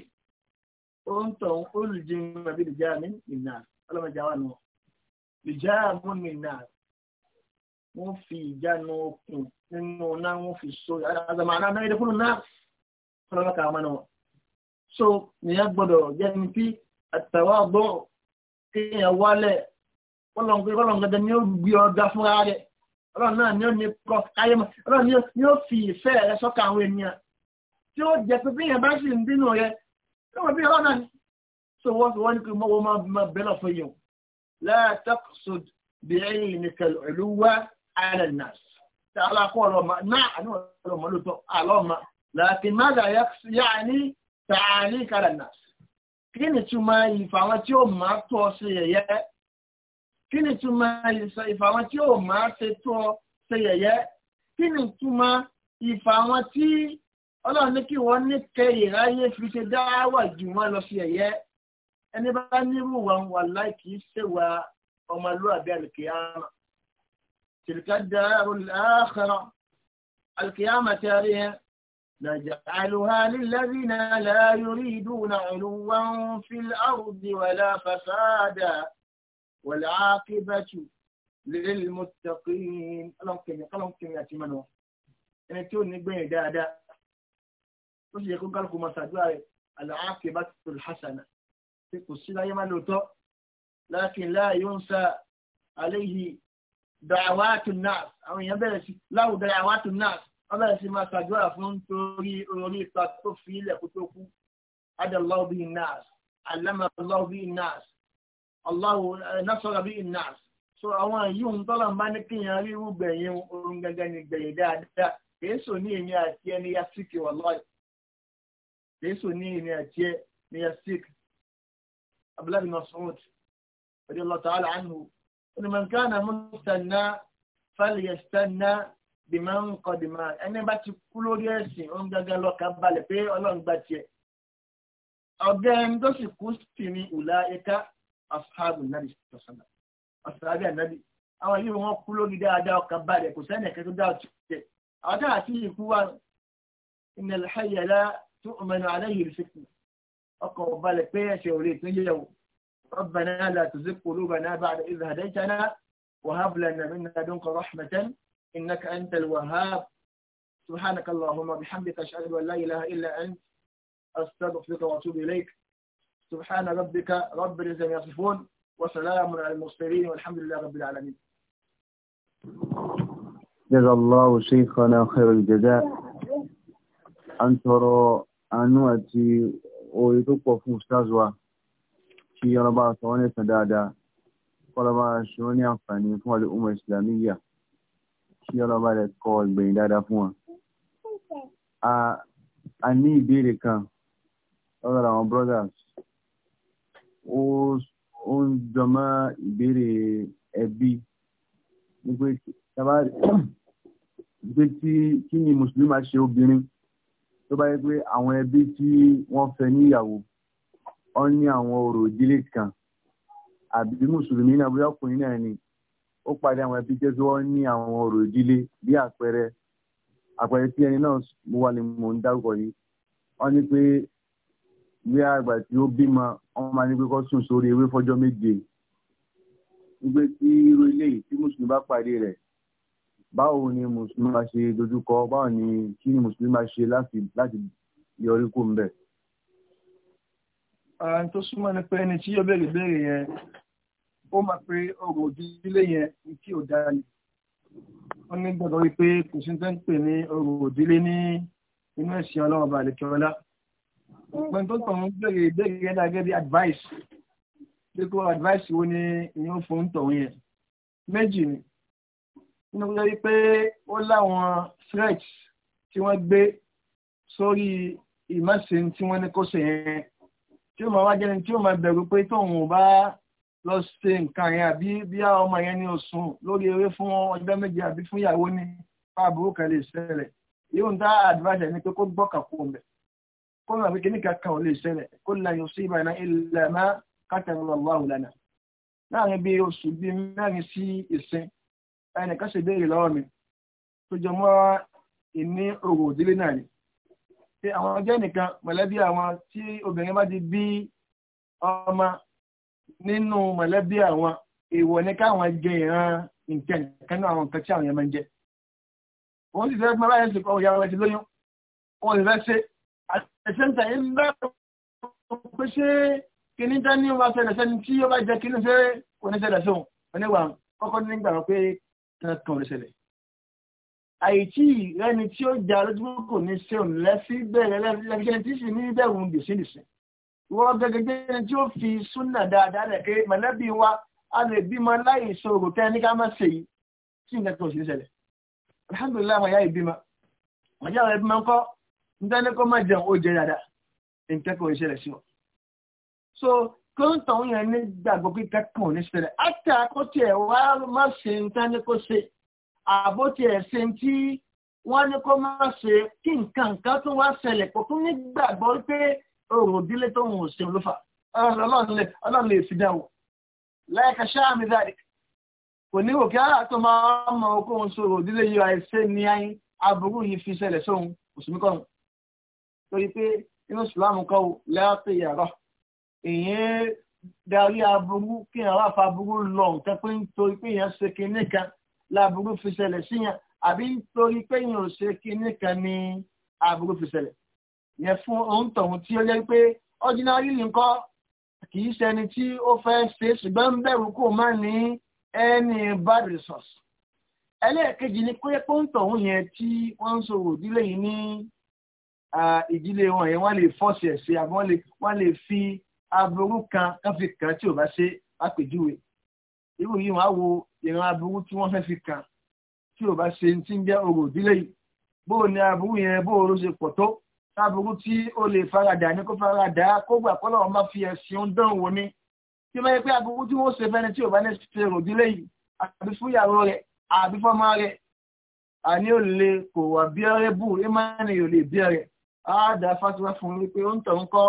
ó ń tọ̀ olùjẹun àbí ìjà mi ìnà ọlọ́mọdé àwọn àná ìjà àmúnmínà wọ́n fi ìjánu okùn nínú náà wọ́n fi so àgbàmọ̀ àná náà ẹ̀dẹ́kùnú náà ọlọ́mọkà àmọ́ náà so nìyẹn gbọ́dọ̀ jẹ́ ní pí àtàwọn àbọ̀ kéèyàn wálẹ̀ ọlọ́run ni ó gbé ọgá fúnra rẹ̀ ọlọ́run náà ni ó ní kọ́ káyé mọ́ ọlọ́run ni ó fi ìfẹ́ rẹ̀ sọ́kà àwọn ènìyàn tí ó jẹ́ pé bí so wọ́n fi wọ́n ní kí mọ́wọ́ máa bẹ́lọ̀ fún yẹn látàkùsùd bìrẹ́yìn nìkan ìlúwà alẹ́nàs tí alákọ̀ ọlọ́mà náà àní ọlọ́mà lóòótọ́ àlọ́mà láti má dà yá ní tààní kàlẹ́nàs kí ni túmọ̀ ìfàwọn tí ó máa tọ́ sí yẹyẹ kí ni túmọ̀ ìfàwọn tí ó máa ṣe tọ́ sí yẹyẹ kí ni túmọ̀ ìfàwọn tí ọlọ́run ní kí wọ́n ní kẹ ìráyé fi ṣe dáwà jù wọ́n lọ sí yẹyẹ ẹni bá nírú wa ń wà láì kì í ṣèwà ọmọlúwàbí alìkìyàmà tìrìkà dáàrú láàkàrà alìkìyàmà tẹ̀rí ẹ̀ نجعلها للذين لا يريدون علوا في الأرض ولا فسادا والعاقبة للمتقين اللهم كم اللهم كم يا تمنو ẹni tí ó ní gbẹ̀yìn dáadáa ó sì yẹ kó kálukú máa ṣàdúrà rẹ̀ العاقبة الحسنة tí kò sí láyé má lóòótọ́ lákin la yunsa alayhi da'awatun nas àwọn èèyàn bẹ̀rẹ̀ sí láwù da'awatun nas wọ́n bẹ̀rẹ̀ sí máa ṣàdúrà fún torí orí ipa tó fi ilẹ̀ kó tó kú adàlọ́ bí nas alámàlọ́ bí nas aláwọ̀ eh, nasọ̀rọ̀ bí nas so àwọn yìí ń tọ́lọ̀ bá ní kíyàn ríru gbẹ̀yìn orun gẹ́gẹ́ ní gbẹ̀yìn dáadáa kèésò ní èmi àti ẹni ya síkì wà lọ́ọ̀ kèésò ní èmi àti ẹni ya síkì عبد الله بن مسعود رضي الله تعالى عنه أن من كان مستنى فليستنى بمن قد مات ẹni bá ti kú lórí ẹ̀sìn ó ń gángan lọ́kàn balẹ̀ pé ọlọ́run gbà tiẹ̀ ọ̀gá ẹni tó sì kú sí ni ulaika ashabu nàbì sọ̀sọ̀nà ashabi ànábì àwọn yìí wọ́n kú lórí dáadáa ọkàn balẹ̀ kò sẹ́ni ẹ̀kẹ́ tó dáa tó tẹ̀ àwọn táwọn àti ìkú wa innal hayya la tu'manu alayhi al-fitna ọkàn balẹ̀ pé ẹ̀ṣẹ̀ ò ربنا لا تزق قلوبنا بعد إذ هديتنا وهب لنا من لدنك رحمة إنك أنت الوهاب سبحانك اللهم بحمدك أشهد أن لا إله إلا أنت أستغفرك وأتوب إليك سبحان ربك رب العزة يصفون وسلام على المرسلين والحمد لله رب العالمين جزا الله شيخنا خير الجزاء أنتروا أنواتي oore tó pọ̀ fún ustaz wa kí ọlọ́ba sọ wọ́n lẹ́sàn dáadáa kọ́lọ́ba ṣe wọ́n ní àǹfààní fún àlè umar islamiyya kí ọlọ́ba rẹ̀ kọ ìgbẹ̀yìn dáadáa fún wọn. a ní ìbéèrè kan lọ́dọ̀ àwọn brothers ó ń jọmọ́ ìbéèrè ẹbí wípé tí kí ni mùsùlùmí máa ṣe obìnrin tó bá yẹ pé àwọn ẹbí tí wọ́n fẹ́ níyàwó wọ́n ní àwọn orò ìdílé kan àbí mùsùlùmí náà bóyá ọkùnrin náà ni ó parí àwọn ẹbí jẹ́ pé wọ́n ní àwọn orò ìdílé bí àpẹẹrẹ àpẹẹrẹ tí ẹni náà mo wà ní mò ń dárúkọ yìí wọ́n ní pé bí àgbà tí ó bímọ wọ́n máa ní pé kó sùn sórí ewé fọ́jọ́ méje wípé tí irú ilé tí mùsùlùmí bá parí rẹ̀ báwo ni mùsùlùmí máa ṣe dojúkọ báwo ni kí ni mùsùlùmí máa ṣe láti láti yọrí kó ń bẹ̀. àwọn tó súnmọ́ ni pé ẹni tí yóò béèrè béèrè yẹn ó máa pé ọ̀rọ̀ òdílé yẹn tí ò dára ni wọ́n ní gbọ́dọ̀ wípé kò sí tó ń pè ní ọ̀rọ̀ òdílé ní inú ẹ̀sìn ọlọ́run bàlẹ̀ kẹrọlá ọ̀pẹ tó tọ̀ ń béèrè béèrè yẹn dàgẹ́ bí advice pé kó advice wo ni ìyẹn fún tọ̀hún yẹn méjì ni nínú lórí pé ó láwọn threats tí wọ́n gbé sórí ìmọ̀sìn tí wọ́n ní kó ṣe yẹn tí ó máa wá jẹ́ni tí ó máa bẹ̀rù pé tóun ò bá lọ ṣe nǹkan yẹn àbí bí àwọn ọmọ yẹn ní oṣù lórí eré fún ọjọ́ méje àbí fún ìyàwó ní fún àbúrò kan lè ṣẹlẹ̀ yóò ń dá advice ẹ̀ ní pé kó gbọ́kàn kó mẹ́ kó mọ̀ pé kíníkà kan ò lè ṣẹlẹ̀ kó la sí ìbànú ilẹ̀ máa kátàlá láàrin bíi oṣù bíi mẹ́rin sí ìsìn ẹnìkan ṣe béèrè lọ́wọ́ mi tó jọ mọ́ ìní òwò ìdílé náà ni pé àwọn ọjọ́ nìkan mọ̀lẹ́bí àwọn tí obìnrin bá ti bí ọmọ nínú mọ̀lẹ́bí àwọn èèwọ̀ ni káwọn jẹ ìran nǹkan nǹkan náà àwọn nǹkan tí àwọn yẹn máa ń jẹ òun sì fẹ́ máa báyẹn sì kọ́ ìyá rẹ̀ ti lóyún òun sì fẹ́ ṣe àtẹ̀sẹ́ńtà yìí bá pé ṣé kíní dání wá ṣẹlẹ̀ sẹ́ni tí ó bá jẹ kíní ṣe kò ní ṣẹlẹ̀ sóhun oníwà kọ́kọ́ tán kan ìṣẹ̀lẹ̀ àìtí ìrẹni tí ó jà lójúmọ́ kò ní ṣeun lẹ́fí bẹ̀rẹ̀ lẹ́fíṣẹ́ tí sì ní bẹ̀rù ń dìsí nìsín wọ́n gẹ́gẹ́gẹ́ tí ó fi súnà dáadáa lẹ̀ pé mọ̀lẹ́bí wa a lè bímọ láì ìṣòro tẹ́ ní ká má ṣe yìí tí nǹkan kan sì alhamdulilayi wọn yá ìbímọ so kó ń tọ̀hún yẹn ní gbàgbọ́ pé kẹ́kọ̀ọ́ ní ṣẹlẹ̀ àti àkótí ẹ̀ wá má ṣe nǹkan ní kó ṣe àbótí ẹ̀ ṣe ń tí wọ́n ní kó má ṣe kí nǹkan kan tún wá ṣẹlẹ̀ kó tún ní gbàgbọ́ pé òrò ìdílé tó ń ṣe ló fà ọlọ́run lè fi dá wò láìka ṣáà mi dáre kò ní òkè ara tó máa mọ okóhun sọ òrò ìdílé yóò àìsè ní ayín aburú yìí fi ṣẹlẹ̀ sóhun òṣùmíkọ́run kọ́ èèyàn darí aburú kí èèyàn wá fa aburú lọ nǹkan pé nítorí pé èèyàn ṣe kinní kan láburú fi ṣẹlẹ̀ síyàn àbí nítorí pé èèyàn ò ṣe kinní kan ní aburú fi ṣẹlẹ̀ yẹn fún ohun tọ̀hún tí ó yẹ pé ordinary nǹkan kì í ṣẹni tí ó fẹ́ ṣe ṣùgbọ́n ń bẹ̀rù kó má ní any bad resource ẹlẹ́ẹ̀kejì ni pé pọ́ńtọ̀hún yẹn tí wọ́n ń sọ̀rọ̀ ìdílé yìí ní ìdílé wọn yẹn wọ́n lè fọ́ọ̀sì ẹ̀ aburú kan kan fi kàn tí ò bá ṣe àpèjúwe irú yìí wọn á wo ìran aburú tí wọ́n fẹ́ fi kàn tí ò bá ṣe ti ń jẹ́ orò ìdílé yìí bó o aburú yẹn bó ló ṣe pọ̀ tó aburú tí ó lè faradà ní kó faradà kó gbà wọn bá fi ẹ̀sìn dánwò ni tí wọ́n yẹ pé aburú tí wọ́n ṣe fẹ́ni tí ò bá ní ṣe orò ìdílé yìí àbí fún ìyàwó rẹ̀ àbí fọ́mọ rẹ̀ àní ò lè kò wà bí ọrẹ bù ẹ má ní ò lè bí ọrẹ á dá fásitì wá fún un wípé ó ń tọ̀ ń kọ́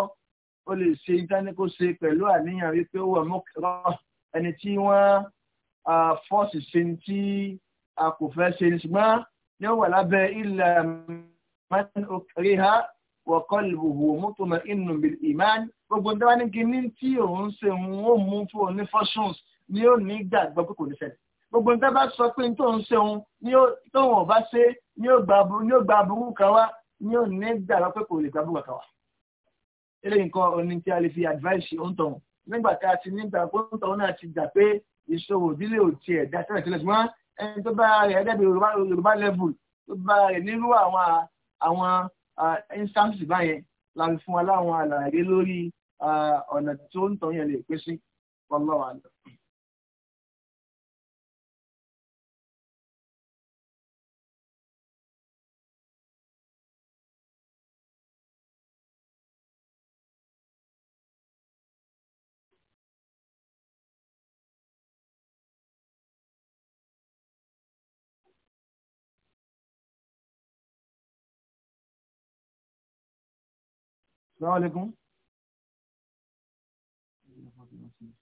ó lè ṣe ìdánikó ṣe pẹ̀lú àníyàn wípé ó wà mọ́kìrọ́ ẹni tí wọ́n fọ́ọ̀sì ṣe ní tí a kò fẹ́ ṣe ní ṣùgbọ́n ní ó wà lábẹ́ ilẹ̀ mẹ́rin òkèrè ha wọ̀kọ́lù wò mọ́tò mọ́ inú ìmán gbogbo dáwà ní kí ní tí òun ṣe òun ó mú fún òun ní fọ́ṣùns ni ó ní gbàgbọ́ pé kò ní ṣẹlẹ̀ gbogbo nǹkan bá sọ pé tó ṣe òun ni tóun ọba ṣe ni ó gba aburú kan wá ni ó ní gbàgbọ́ pé kò lè gba aburú kan wá eléyìí nǹkan oní tí a lè fi advice òǹtọ̀hún nígbà tá a ti nígbà òǹtọ̀hún náà ti gbà pé ìṣòwò ìdílé ò tiẹ̀ dá sílẹ̀ sílẹ̀ ṣùgbọ́n ẹni tó bá rẹ̀ ẹ̀dẹ́gbẹ̀ yorùbá yorùbá level tó bá rẹ̀ nírú àwọn àwọn instance báyẹn la fi fún wa láwọn àlàyé lórí ọ̀nà tó ń tọ̀ yẹn lè pèsè ọlọ́wàá lọ. Assalamu alaikum.